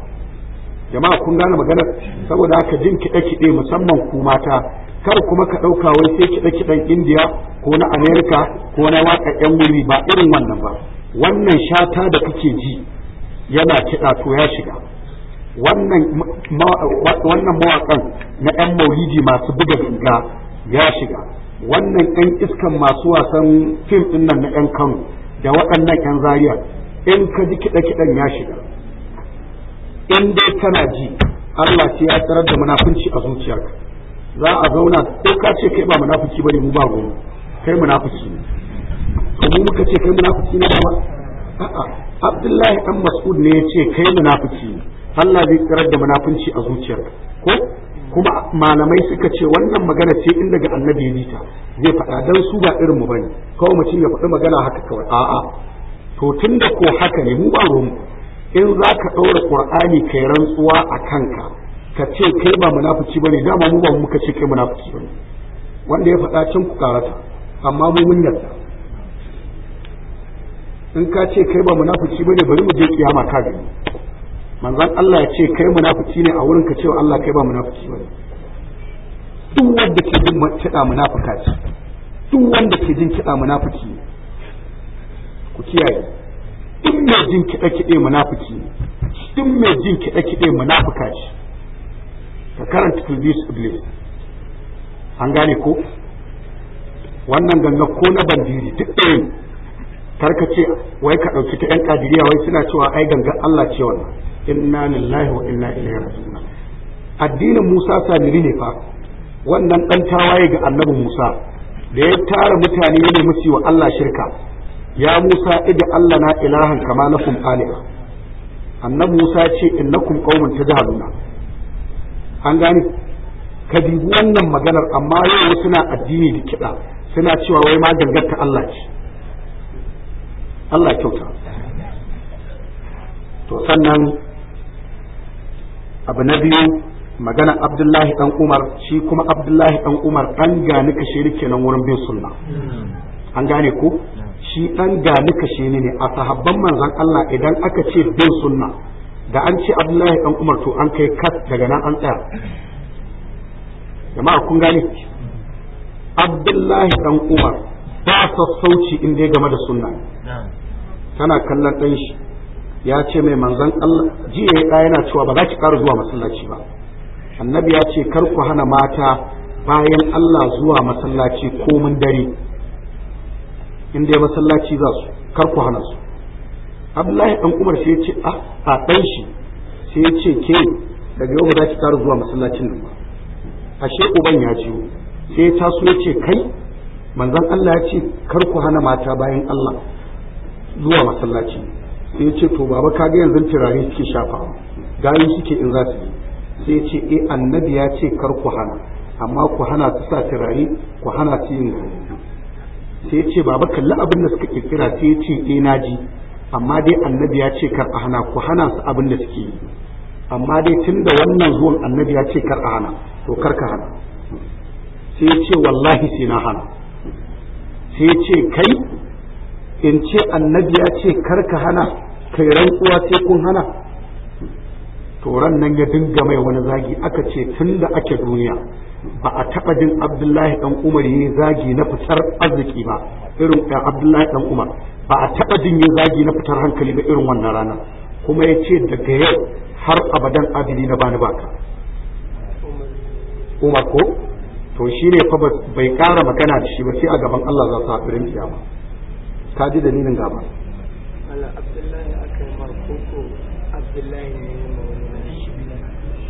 jama'a kun gane maganar saboda haka jin kiɗe-kiɗe musamman ku mata kar kuma ka ɗauka wai sai kiɗa kiɗan indiya ko na amerika ko na waka yan wuri ba irin wannan ba wannan shata da kake ji yana kiɗa to ya shiga wannan mawakan na yan maulidi masu buga ganga ya shiga wannan yan iskan masu wasan fim ɗin nan na yan kano da waɗannan yan zariya in ka ji kiɗa kiɗan ya shiga in dai kana ji Allah ya tarar da munafunci a zuciyarka za a zauna ko ka ce kai ba munafiki bane mu ba gobe kai munafiki ne to mu muka ce kai munafiki ne ba a'a Abdullahi dan Mas'ud ne ya ce kai munafiki ne Allah zai tsirar da munafunci a zuciyar. ko kuma malamai suka ce wannan magana ce in daga annabi ya ta zai faɗa dan su ba irin mu bane kawai mutum ya faɗi magana haka kawai a'a to tunda ko haka ne mu ba ruwan in za ka ɗaura ƙur'ani kai rantsuwa a kanka ka ce kai ba munafici bane dama mu ba mu ka ce kai munafici bane wanda ya faɗa can ku karata amma mu mun yarda in ka ce kai ba munafici bane bari mu je kiyama ka gani manzon Allah ya ce kai munafuci ne a wurin ka cewa Allah kai ba munafici bane duk wanda ke jin kiɗa munafuka ce duk wanda ke jin kiɗa munafuci ne ku kiyaye duk mai jin kiɗe-kiɗe munafuki ne duk mai jin kiɗe-kiɗe munafuka ce ka karanta tulbis iblis an gane ko wannan ganga ko na bandiri duk ɗayan karka ce wai ka ɗauki ta 'yan kadiriya wai suna cewa ai gangan Allah ce wannan inna lillahi wa inna ilaihi raji'un addinin Musa samiri ne fa wannan ɗan tawaye ga annabi Musa da ya tara mutane ne musu wa Allah shirka ya Musa idi Allah na ilahan kama na alih annabi Musa ce innakum qaumun tajhaluna an gane ka dubi wannan maganar amma yau suna addini da kiɗa suna cewa wai ma gangarta ta Allah ce Allah kyauta to sannan abu na biyu magana abdullahi Ɗan umar shi kuma abdullahi Ɗan umar dan gani kashe ni kenan wurin bin sunna an gane ko shi dan gani kashe ni ne a sahabban manzon Allah idan aka ce bin sunna da an ce abdullahi dan umar to an kai kas daga nan an tsaya jama'a kun gane abdullahi dan umar ba sassauci in dai game da sunna tana kallon ɗan shi ya ce mai manzan Allah jiya ya yana cewa ba za ki ƙara zuwa masallaci ba annabi ya ce kar ku hana mata bayan Allah zuwa masallaci komin dare in dai masallaci za su kar ku hana su abdullahi dan umar sai ya ce a ah, a dan shi sai ya ce ke daga yau za ki tsara zuwa masallacin nan ba ashe uban ya ji. sai ya taso ya ce kai manzon Allah ya ce kar ku hana mata bayan Allah zuwa masallaci sai ya ce to baba kaga yanzu turare suke shafawa gayu suke in za su sai ya ce eh annabi ya ce kar ku hana amma ku hana su sa turare ku hana su yin sai ya ce baba kalli abin da suka kirkira sai ya ce eh naji amma dai annabi ya ce kar a hana ku hana su abin da suke yi amma dai tun da wannan zuwan annabi ya ce kar a hana to kar ka hana sai ya ce wallahi sai na hana sai ya ce kai in ce annabi ya ce kar ka hana kai rantsuwa sai kun hana to ran nan ya dinga mai wani zagi aka ce tun da ake duniya ba a taɓa jin abdullahi dan umar yi zagi na fitar arziki ba irin abdullahi dan umar ba a taɓa jin yi zagi na fitar hankali ba irin wannan rana kuma ya ce daga yau har abadan adili na bani baka umar ko to shi ne fa bai ƙara magana da shi ba sai a gaban Allah za su haɗurin kiyama ka ji dalilin gaba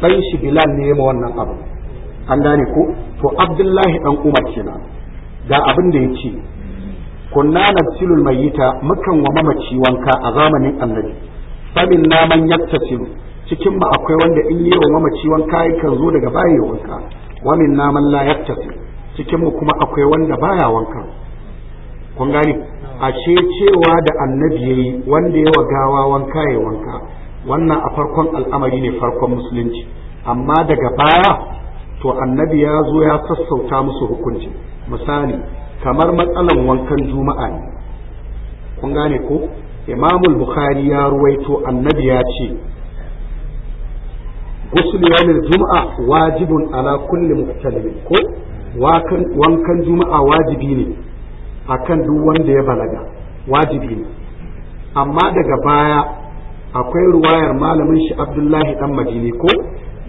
ɗan shi bilal ne ya ma wannan abu an gane ko to abdullahi dan umar kenan ga abin da yake kunna nafsilul mayyita mukan wa mamaci wanka a zamanin annabi famin na man yattasilu cikin mu akwai wanda in yi wa mamaci wanka yakan zo daga baya wanka wa min na man la yattasilu cikin mu kuma akwai wanda baya wanka kun gane a ce cewa da annabi yayi wanda ya wa gawa wanka ya wanka wannan a farkon al'amari ne farkon musulunci amma daga baya to annabi ya zo ya sassauta musu hukunci misali kamar matsalan wankan juma'a ne kun gane ko imamul bukhari ya ruwaito annabi ya ce gusul yawmil juma'a wajibun ala kulli muhtalimin ko wankan juma'a wajibi ne akan duk wanda ya balaga wajibi ne amma daga baya akwai ruwayar malamin shi abdullahi dan madini ko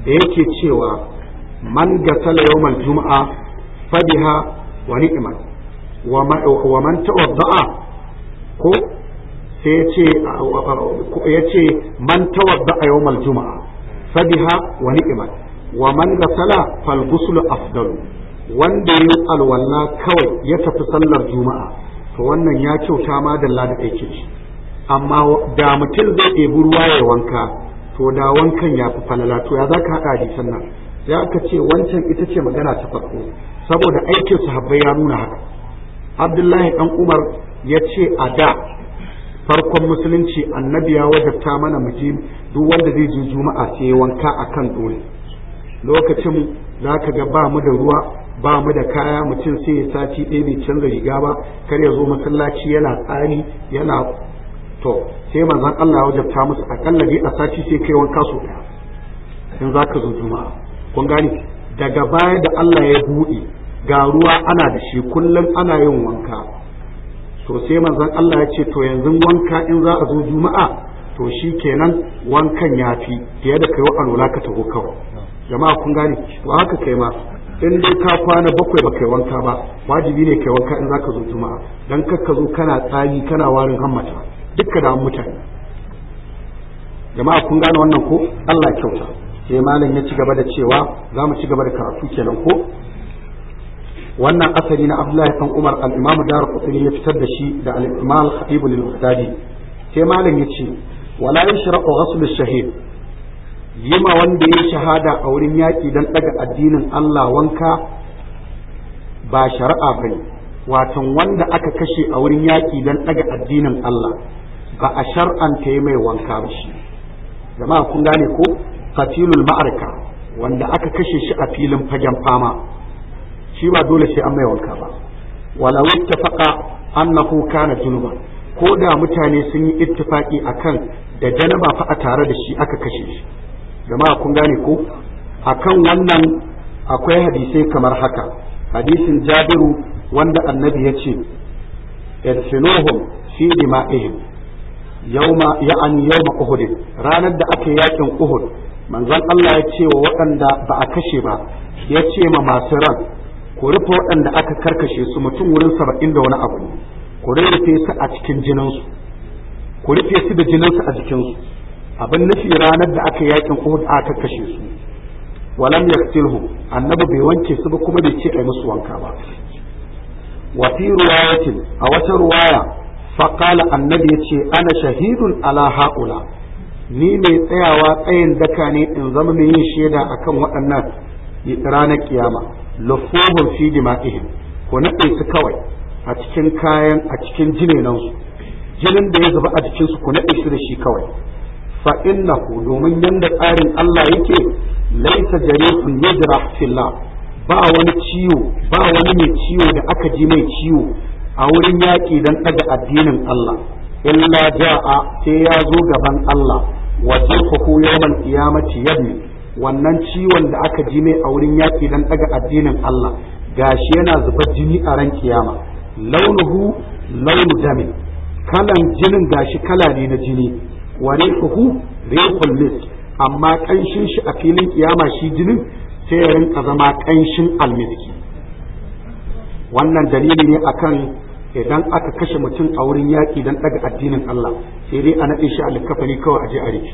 da yake cewa man gasala yawmal juma'a fadiha wa ni'mat wa man tawadda'a ko sai yace man tawadda'a yawmal juma'a fadiha wa ni'mat wa man gasala fal ghuslu afdalu wanda yi alwala kawai ya tafi sallar juma'a to wannan ya kyauta ma dalla da aikin shi amma da mutum zai ɗebi ruwa ya wanka to da wankan ya fi falala to ya za ka haɗa hadisan nan sai aka ce wancan ita ce magana ta farko saboda aikin su sahabbai ya nuna haka abdullahi dan umar ya ce a da farkon musulunci annabi ya wajabta mana muji duk wanda zai je juma'a sai wanka a kan dole lokacin za ka ga ba mu da ruwa ba mu da kaya mutum sai ya sati ɗaya bai canza riga ba kar ya zo masallaci yana tsari yana to sai manzon Allah ya wajabta musu akalla dai a sati sai kai wanka su ɗaya in za ka zo juma'a kun gani daga baya da Allah ya buɗe ga ruwa ana da shi kullum ana yin wanka to sai manzon Allah ya ce to yanzu wanka in za a zo juma'a to shi kenan wankan ya fi fiye da kaiwa alola ka taho kawai jama'a kun gane to haka kai ma in dai ka kwana bakwai ba kai wanka ba wajibi ne kai wanka in za ka zo juma'a dan kakka zo kana tsari kana warin hammata dukka da mutane jama'a kun gane wannan ko Allah kyauta sai malam ya ci gaba da cewa za mu ci gaba da karatu kenan ko wannan asali na abdullahi kan umar al-imamu dar ya fitar da shi da al-imam khatib sai malam ya ce wala yashra'u ghasl ash-shahid yima wanda ya shahada a wurin yaki dan ɗaga addinin Allah wanka ba shari'a bane watan wanda aka kashe a wurin yaƙi dan ɗaga addinin Allah ba a shar'anta mai wanka ba shi jama'a kun gane ko fatilul ma'arka wanda aka kashe shi a filin fagen fama shi ba dole sai an mai wanka ba walau ittafaqa annahu kana junuba ko da mutane sun yi ittifaki akan da janaba fa a tare da shi aka kashe shi jama'a kun gane ko akan wannan akwai hadisai kamar haka hadisin jabiru wanda annabi ya ce irsiluhum fi dima'ihim yawma ya'ani yawma uhud ranar da ake yakin uhud manzon Allah ya ce wa waɗanda ba a kashe ba ya ce ma masu ran ku rufe waɗanda aka karkashe su mutum wurin saba'in da wani abu ku rufe su a cikin jininsu ku rufe su da jininsu a jikinsu abin nufi ranar da aka yakin da aka kashe su walam yaktilhu annabi bai wanke su ba kuma bai ce ai musu wanka ba wa fi ruwayatin a wata ruwaya fa qala annabi yace ana shahidun ala haula ni mai tsayawa tsayin daka ne in zama mai yin shaida kan waɗannan ranar kiyama lafuhun fi dima'ihim ko naɗe su kawai a cikin kayan a cikin su jinin da ya zuba a jikinsu ku naɗe su da shi kawai fa innahu domin yadda tsarin Allah yake laisa jarifun yajra fillah ba wani ciwo ba wani mai ciwo da aka ji mai ciwo a wurin yaƙi don ɗaga addinin Allah illa ja'a sai ya zo gaban Allah wa jirkuhu yawmal qiyamati yabni wannan ciwon da aka ji mai a wurin yaki dan daga addinin Allah gashi yana zuba jini a ran kiyama launuhu launu damin kalan jinin gashi kala ne na jini wani rihuhu rihul misk amma kanshin shi a filin kiyama shi jinin sai ya rinka zama kanshin almiski wannan dalili ne akan idan aka kashe mutum a wurin yaƙi don ɗaga addinin Allah sai dai a naɗe shi a likafani kawai a je a rike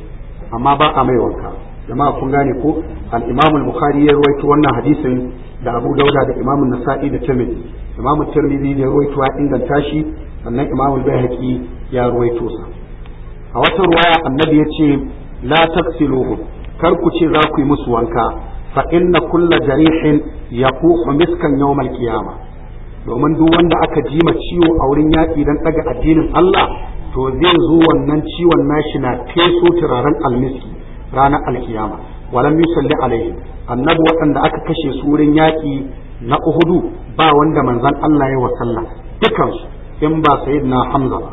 amma ba a mai wanka jama'a kun gane ko al imamu bukhari ya rawaito wannan hadisin da Abu Dauda da Imam Nasa'i da Tirmidhi Imam Tirmidhi ya rawaito ya inganta shi sannan imamu al ya rawaito sa a wata ruwaya annabi ya ce la taksiluhu kar ku ce za ku yi musu wanka fa inna kulla jarihin yaquhu miskan yawmal qiyamah domin duk wanda aka jima ciwo a wurin yaƙi don ɗaga addinin Allah to zai zo wannan ciwon nashi na feso turaren almiski ranar alkiyama walam yusalli alaihi annabi waɗanda aka kashe su wurin yaƙi na uhudu ba wanda manzon Allah ya wasalla. sallah dukansu in ba sayyidina hamza ba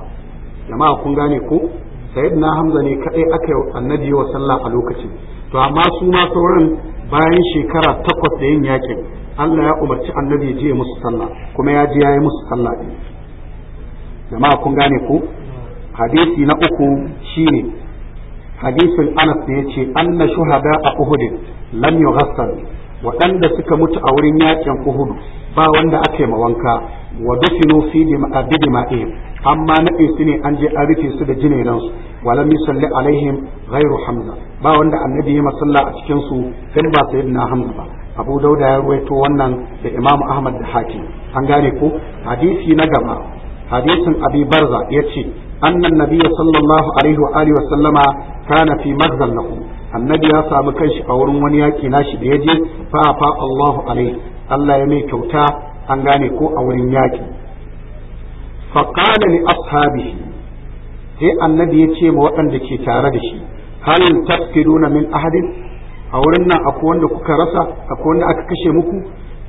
jama'a kun gane ko na hamza ne kadai aka yi annabi wa sallah a lokaci, to amma su ma sauran bayan shekara takwas da yin yakin Allah ya umarci annabi je musu sallah kuma ya ji yayi musu sallah din jama'a kun gane ku? hadisi na uku shine hadisin Anas ne yace anna shuhada a Uhud lam yughassal waɗanda suka mutu a wurin yakin Uhud ba wanda aka yi wanka wa dukinu fi bidima'ihim amma naɗe su ne an je an rufe su da jinenansu walam yusalli alaihim ghairu hamza ba wanda annabi ya masalla a cikin su sai ba na hamza ba abu dauda ya ruwaito wannan da imam ahmad da hakim an gane ko hadisi na gaba hadisin abi barza ce annan nabiyyu sallallahu alaihi wa alihi wa sallama kana fi maghzal lahu annabi ya samu kanshi a wurin wani yaki nashi da yaje fa fa Allahu alaihi Allah ya mai kyauta an gane ko a wurin yaki faqala li ashabihi sai annabi ya ce ma waɗanda ke tare da shi hal tafkiruna min ahadin a wurin nan akwai wanda kuka rasa akwai wanda aka kashe muku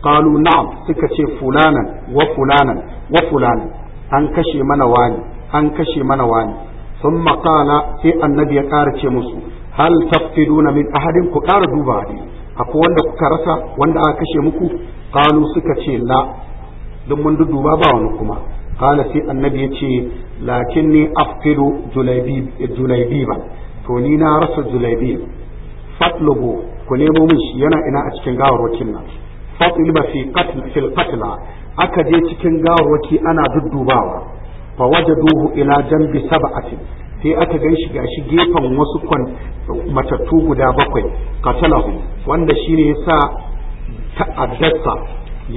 qalu na'am suka ce fulanan wa fulanan wa fulanan an kashe mana wani an kashe mana wani sun sai annabi ya ƙara ce musu hal tafkiruna min ahadin ku ƙara duba akwai wanda kuka rasa wanda aka kashe muku kanu suka ce la duk mun duduba ba wani kuma kana sai annabi yace lakinni julaibi ba. to ni na rasa julaibi fatlubu ku nemo min shi yana ina a cikin gawarwakin nan ba fi qatl fil qatla aka je cikin gawarwaki ana duddubawa fa wajaduhu ila jambi sab'atin sai aka gan shi gashi gefen wasu kwan matattu guda bakwai katalahu wanda shi ne ya sa ta'addarsa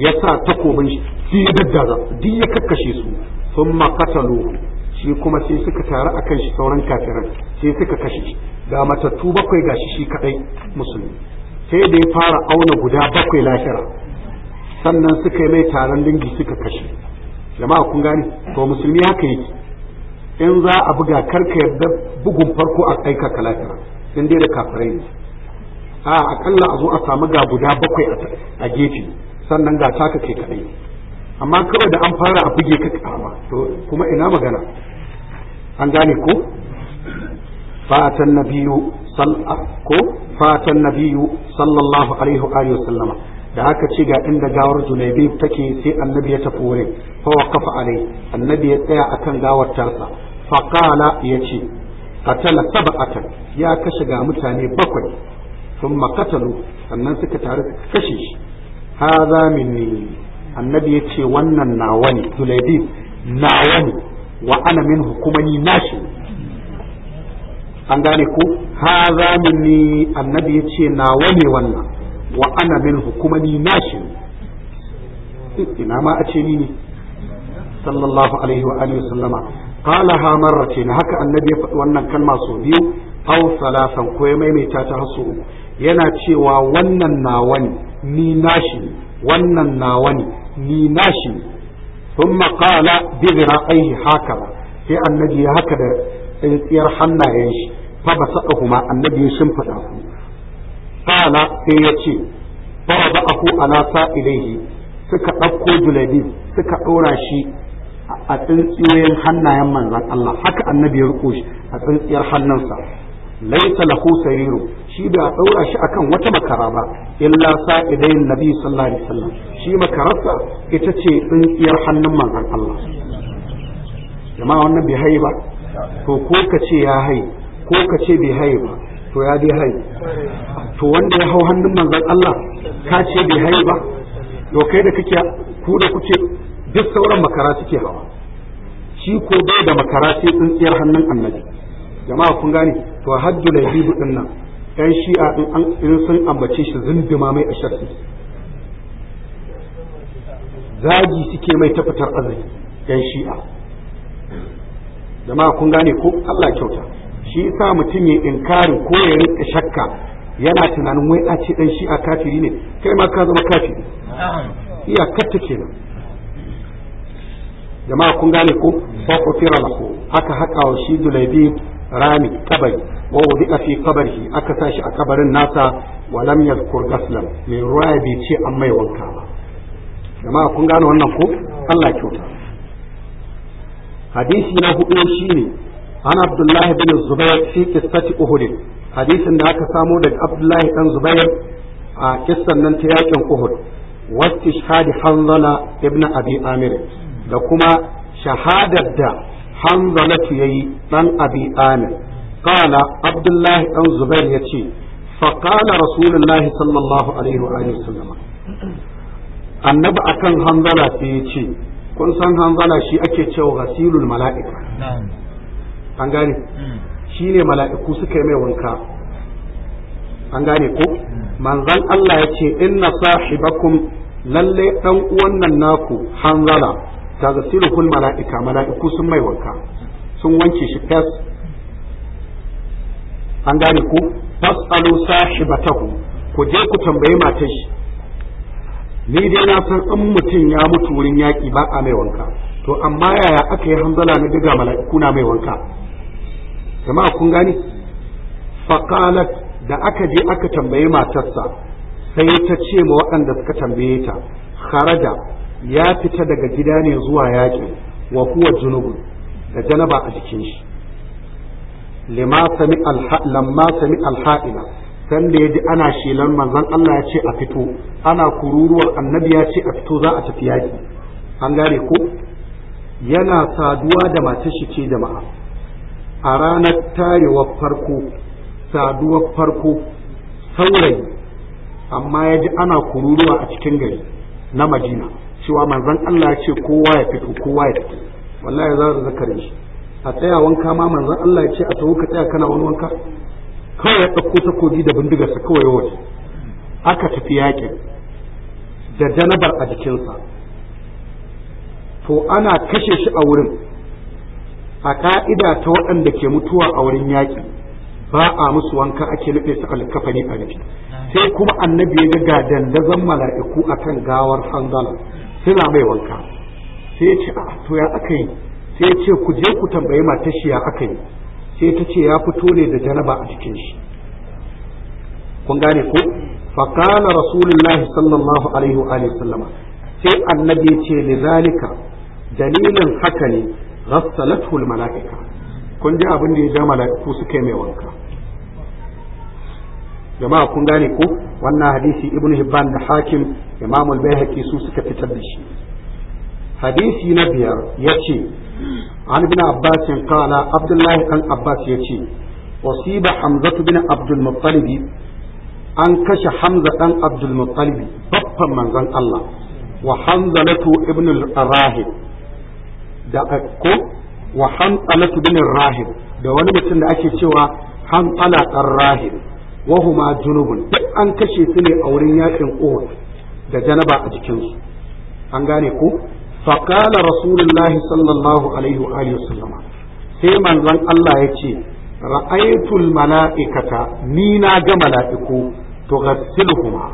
ya sa takobin shi sai ya daddaza duk ya kakkashe su sun makatalu shi kuma sai suka taru a kan shi sauran kafiran sai suka kashe shi ga matattu bakwai gashi shi kadai musulmi sai da ya fara auna guda bakwai lahira sannan suka yi mai taron dingi suka kashe jama'a kun gane to musulmi haka yake in za a buga karka yadda bugun farko a aika kalatira in dai da kafirai ne a akalla a zo a samu ga guda bakwai a gefe sannan ga taka ke kaɗai, amma kawai da an fara a buge ka kama to kuma ina magana an gane ko fatan nabiyu ko fatan nabiyu sallallahu alaihi wa sallama da aka ce ga inda gawar junaibi take sai annabi ya tafi wurin fa waqafa alai annabi ya tsaya akan gawar tarsa faƙala ya ce katala saba'atan ya kashe ga mutane bakwai sun makatalu sannan suka taru suka kashe shi haza minni annabi ya ce wannan nawa ne zulaidin nawa ne wa ana min hukumani nashi an gane ko haza minni annabi ya ce nawa ne wannan wa ana min hukumani nashi ina ma a ce ni ne sallallahu alaihi wa alihi sallama qalaha na haka annabi ya faɗi wannan kalma sau biyu aw salasan ko ya maimaita ta hasu yana cewa wannan nawa ni nashi wannan nawa ne ni nashi ne thumma qala bi dhira'aihi hakaza sai annabi ya haka da tsintsiyar hannayen shi fa kuma annabi ya shimfida ku. qala sai ya ce fa ko ala sa'ilaihi suka ɗauko julabi suka ɗora shi a tsintsiyoyin hannayen manzan Allah haka annabi ya riko shi a tsintsiyar hannunsa laisa lahu sariru shi ba daura shi akan wata makara ba illa sa'idain nabi sallallahu alaihi wasallam shi makararsa ita ce tsintsiyar hannun manzan Allah jama'a wannan bai haiba ba to ko ka ce ya hai ko ka ce bai haiba ba to ya dai hai to wanda ya hau hannun manzan Allah ka ce bai haiba ba to kai da kake ku da kuke duk sauran makara suke hawa shi ko bai da makara sai tsintsiyar hannun annabi jama'a kun gane to hajju laibibu din nan yan shi'a in an in sun ambace shi zinduma mai ashirin zagi suke mai tafatar azai yan shi'a jama'a kun gane ko Allah kyauta shi sa mutum ya inkarin ko ya rinka shakka yana tunanin wai a ce dan shi'a kafiri ne kai ma ka zama kafiri iya ta kenan jama'a kun gane ku fa kufira lahu aka haka wa shi dulaibi rami kabari wa a fi kabarihi aka sashi a kabarin nasa wa lam yadhkur ghaslan mai ruwa bai ce an mai wanka ba jama'a kun gane wannan ku Allah kyauta hadisi na hudu shine an Abdullahi bin zubair fi qissati uhud hadisin da aka samo daga Abdullahi dan zubair a kissan nan ta yakin uhud واستشهاد hanzala Ibn abi Amir. da kuma shahadar da hanzalatu yi ɗan abi amir Kana abdullahi dan zubair ce, fa qala rasulullahi sallallahu alaihi wa alihi wasallam annabi akan hanzala sai ce, kun san hanzala shi ake cewa ghasilul mala'ika an gane hmm. ne mala'iku suka yi mai wanka an gane ko hmm. manzan Allah ya yace inna sahibakum lalle dan uwan nan naku hanzala ta zasiru kul mala'ika mala'iku sun mai wanka sun wanke shi fes an gane ku fasalu sahibatahu ku je ku tambayi matar shi ni dai na san in mutum ya mutu wurin yaƙi ba a mai wanka to amma yaya aka yi hanzala na diga mala'iku na mai wanka jama'a kun gani. Fakalat, da aka je aka tambayi matarsa sai ta ce ma waɗanda suka tambaye ta kharaja ya fita daga gida ne zuwa yaƙi wa kuwa junubun da janaba a jikin shi lamma sami alha'ila san da ya ji ana shelan manzon Allah ya ce a fito ana kururuwar annabi ya ce a fito za a tafi yaƙi an gane ko yana saduwa da mace shi ce jama'a a ranar tarewar farko saduwar farko saurayi amma ya ji ana kururuwa a cikin gari na madina cewa manzon Allah ya ce kowa ya fito kowa ya fito wallahi za ka zakarin shi a tsaya wanka ma manzon Allah ya ce a tawo ka tsaya kana wani wanka kawai ya ɗauko takobi da bindigarsa kawai waje aka tafi yaƙin da janabar a jikinsa to ana kashe shi a wurin a ka'ida ta waɗanda ke mutuwa a wurin yaƙi ba a musu wanka ake nufe su alkafani a sai kuma annabi ya ga dandazon mala'iku a kan gawar hanzala suna mai wanka sai ya ce a ah, to ya aka yi sai ya ce ku je ku tambayi mata shi ya aka yi sai ta ce ya fito ne da janaba a cikin shi kun gane ko faqala rasulullahi sallallahu alaihi wa alihi sallama sai annabi ya ce lidhalika dalilin haka ne ghassalatu mala'ika kun ji abin da ya ja mala'iku suka yi mai wanka jama'a kun gane ko wannan hadisi ibnu hibban da hakim imam al-baihaqi su suka fitar da shi hadisi na biyar yace an ibn abbas qala abdullah dan abbas yace wasiba hamzat bin abdul muttalib an kashe hamza dan abdul muttalib babban manzon Allah wa hamzalatu ibn al-rahib da ko wa hamzalatu bin rahib da wani mutum da ake cewa hamzala ar-rahib wahuma junubun duk an kashe su ne a wurin yakin uhud da janaba a jikinsu an gane ko faqala rasulullahi sallallahu alaihi wa alihi wasallama sai manzon Allah ya ce ra'aytul mala'ikata ni na ga mala'iku tughsiluhuma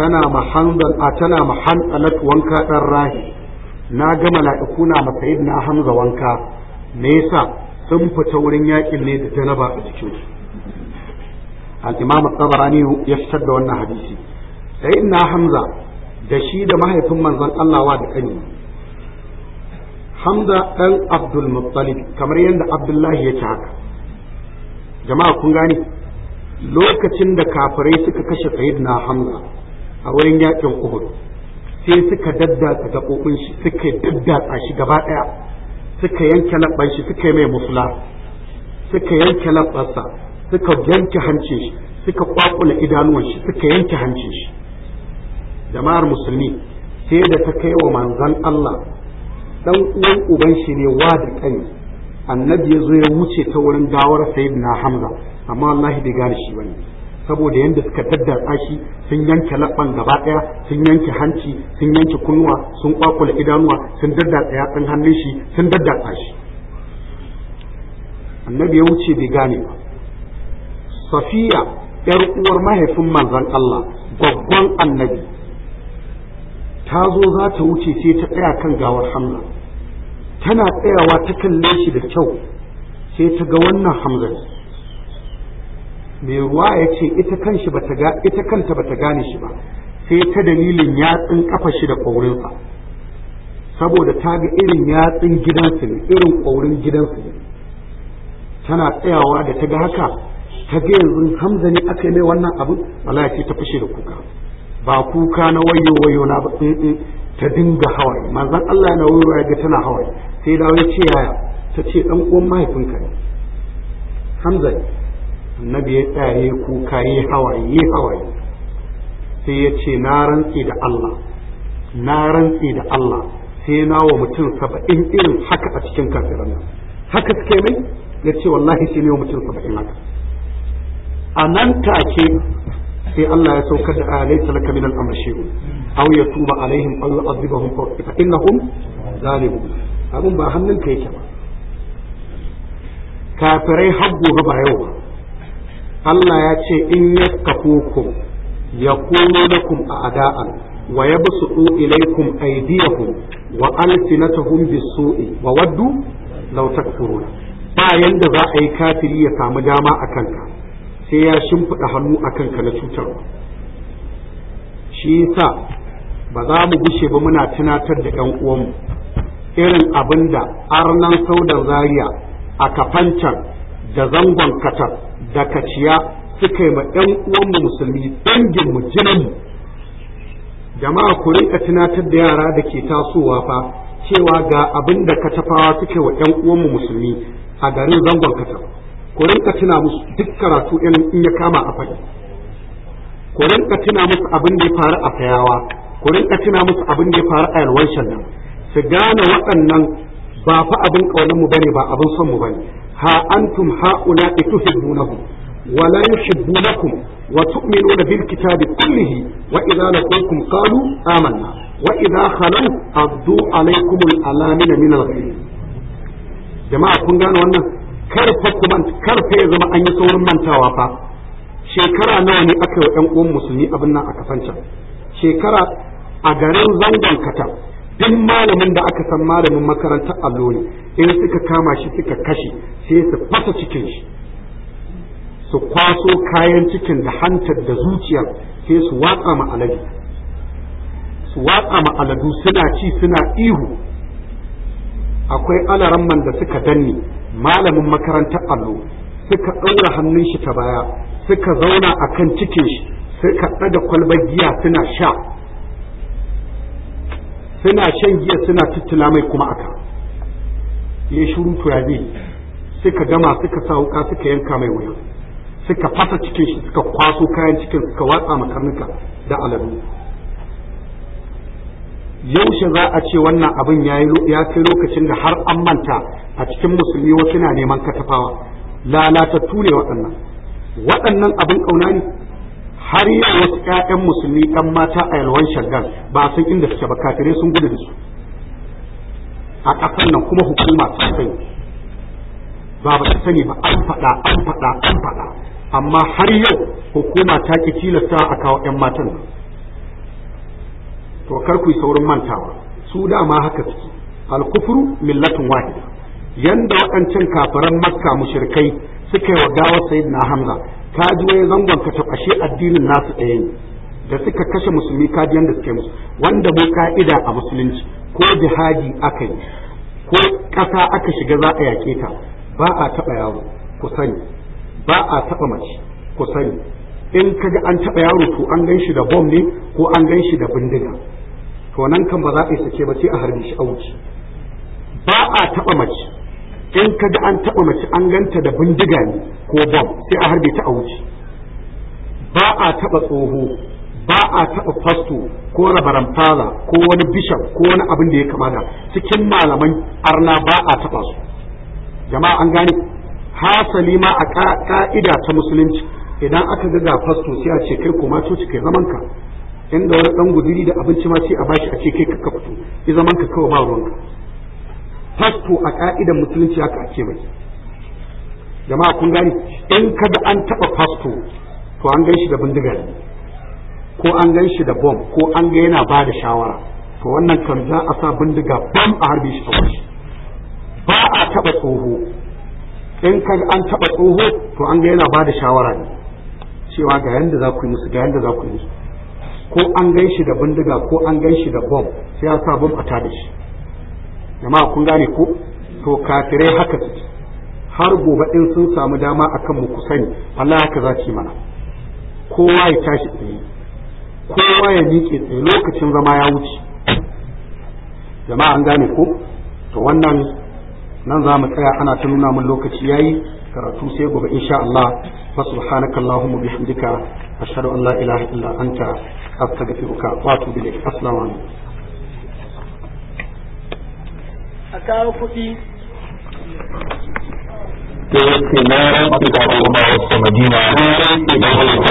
tana mahanzal a tana mahanzalat wanka dan rahi na ga mala'iku na masayid na hamza wanka me yasa sun fita wurin yakin ne da janaba a jikinsu al-imam at-tabarani ya fitar da wannan hadisi sayyidina hamza da shi da mahaifin manzon Allah wa da kani hamza dan abdul muttalib kamar yadda abdullahi ya ci haka jama'a kun gane lokacin da kafirai suka kashe sayyidina hamza a wurin yakin uhud sai suka daddatsa gaɓoɓin shi suka daddatsa shi gaba ɗaya suka yanke labban shi suka yi mai musula suka yanke labbansa suka yanke hancin shi suka kwakula idanuwan shi suka yanke hancin shi jama'ar musulmi sai da ta kai wa manzan Allah dan uwan uban shi ne wa da kani annabi ya zo ya wuce ta wurin gawar sayyidina hamza amma wallahi bai gane shi bane saboda yadda suka daddatsa shi sun yanke laɓan gaba daya sun yanke hanci sun yanke kunnuwa sun kwakula idanuwa sun daddatsa yatsun hannun shi sun daddatsa shi annabi ya wuce bai gane ba safiya yar uwar mahaifin manzon Allah babban annabi ta zo za ta wuce sai ta tsaya kan gawar hamza tana tsayawa ta kalle shi da kyau sai ta ga wannan hamza mai ruwa ya ce ita kanta ba ta ita kanta bata gane shi ba sai ta dalilin yatsun kafa shi da ƙaurinsa saboda ta ga irin yatsun gidansu ne irin kwaurin gidansu ne tana tsayawa da ta ga haka ta yanzu hamza ne aka yi mai wannan abin wallahi ce ta fushe da kuka ba kuka na wayo wayo na ba eh, eh, ta dinga hawaye manzon Allah na wayo ya ga tana hawaye sai dawo ya ce yaya ta ce dan uwan mahaifinka ne hamza annabi ya tsaye kuka yi hawaye hawaye sai ya ce na rantsi da Allah na rantsi da Allah sai na wa mutum saba'in irin haka a cikin kafiran nan haka suke mai ya ce wallahi shi ne wa mutum saba'in haka a nan take sai Allah ya saukar da alaysa laka min al-amr shay'un aw yatuba alaihim aw yu'adhibahum fa innahum zalimun abun ba hannun ka yake ba kafirai har gobe ba yau ba Allah ya ce in yaskafukum yakunu lakum a'da'an wa yabsutu ilaykum aydiyahum wa alsinatahum bis-su'i wa waddu law takfuruna ba yanda za a yi kafiri ya samu dama a kanka sai ya shimfiɗa hannu a kanka na cutar shi yasa ba za mu gushe ba muna tunatar da ƴan uwanmu irin abin da arnan saudar zaria a kafancan da zangon katar da kaciya suka yi ma ƴan uwanmu musulmi danginmu jininmu jama'a ku rinka tunatar da yara da ke tasowa fa cewa ga abin da katafawa suke wa ƴan uwanmu musulmi a garin zangon katar ku rinka tuna musu duk karatu in ya kama a faɗi ku rinka tuna musu abin da ya faru a fayawa ku rinka tuna musu abin da ya faru a yalwanshan nan su gane waɗannan ba fa abin ƙaunar mu bane ba abin son mu bane ha antum haula tuhibbunahu ولا يحبونكم وتؤمنون بالكتاب كله وإذا amanna. قالوا آمنا وإذا خلوا عضوا عليكم الألامن من الغيظ jama'a kun gane wannan kar fa kuma kar ya zama an yi saurin mantawa fa shekara nawa ne aka yi ɗan uwan musulmi abin nan a kasance, shekara a garin zangon kata duk malamin da aka san malamin makarantar allo ne in suka kama shi suka kashe sai su fasa cikin shi su kwaso kayan cikin da hantar da zuciyar sai su watsa ma su watsa ma aladu suna ci suna ihu akwai alaramman da suka danne malamin makarantar allo suka ɗaura hannun shi ta baya suka zauna a kan cikin shi suka ɗaga kwalbar giya suna sha suna shan giya suna tuttula mai kuma aka ya shuru to ya suka gama suka sa wuka suka yanka mai wuya suka fasa cikin shi suka kwaso kayan cikin suka watsa makarnuka da aladu yaushe za a ce wannan abin ya kai lokacin da har an manta a cikin musulmi wasu na neman katafawa lalatattu ne waɗannan waɗannan abin ƙauna ne har a wasu ƴaƴan musulmi ɗan mata a yalwan shaggar ba san inda suke ba sun gudu da su a ƙasar nan kuma hukuma ta sani ba ba ta sani ba an faɗa an faɗa an faɗa amma har yau hukuma ta ki tilasta a kawo 'yan matan nan to kar ku yi saurin mantawa su dama haka suke alkufru millatun wahida yanda waɗancan kafaran makka mushrikai suka yi wa gawar sayyidina hamza ji wai zangon ka ashe addinin nasu ɗaya ne da suka kashe musulmi ka ji yanda suke musu wanda mu ka'ida a musulunci ko jihadi aka yi ko ƙasa aka shiga za a yaƙe ta ba a taɓa yaro ku sani ba a taɓa mace ku sani in kaga an taɓa yaro to an gan shi da bom ne ko an gan shi da bindiga to nan kan ba za a sake ba sai a harbe shi a wuce ba a taba mace in ka da an taba mace an ganta da bindiga ne ko bom sai a harbe ta a wuce ba a taba tsoho ba a taba fasto ko rabaran fara ko wani bishop ko wani abin da ya kamata cikin malaman arna ba a taba su jama'a an gane hasali ma a ka'ida ta musulunci idan aka ga ga fasto sai a ce kai koma coci kai ka. inda wani dan guduri da abinci ma sai a bashi a ce kai ka fito ya zaman ka kawai ba ruwanka fasto a ka'idan musulunci haka ake mai jama'a kun gani in kada an taba fasto to an gan shi da bindiga ko an gan shi da bom ko an ga yana ba da shawara to wannan kan za a sa bindiga bam a harbe shi a ba a taba tsoho in ka an taba tsoho to an ga yana ba da shawara ne cewa ga yanda za ku yi musu ga yanda za ku yi musu ko an gan shi da bindiga ko an gan shi da bom sai ya sa bom a tada shi jama'a kun gane ko to kafirai haka suke har gobe in sun samu dama akan mu sani Allah haka za ci mana kowa ya tashi tsaye kowa ya miƙe tsaye lokacin zama ya wuce jama'a an gane ko to wannan nan za mu tsaya ana ta nuna mun lokaci yayi karatu sai gobe insha Allah fa subhanakallahumma bihamdika ashhadu an la ilaha illa anta astaghfiruka wa atubu ilayk assalamu alaikum Madina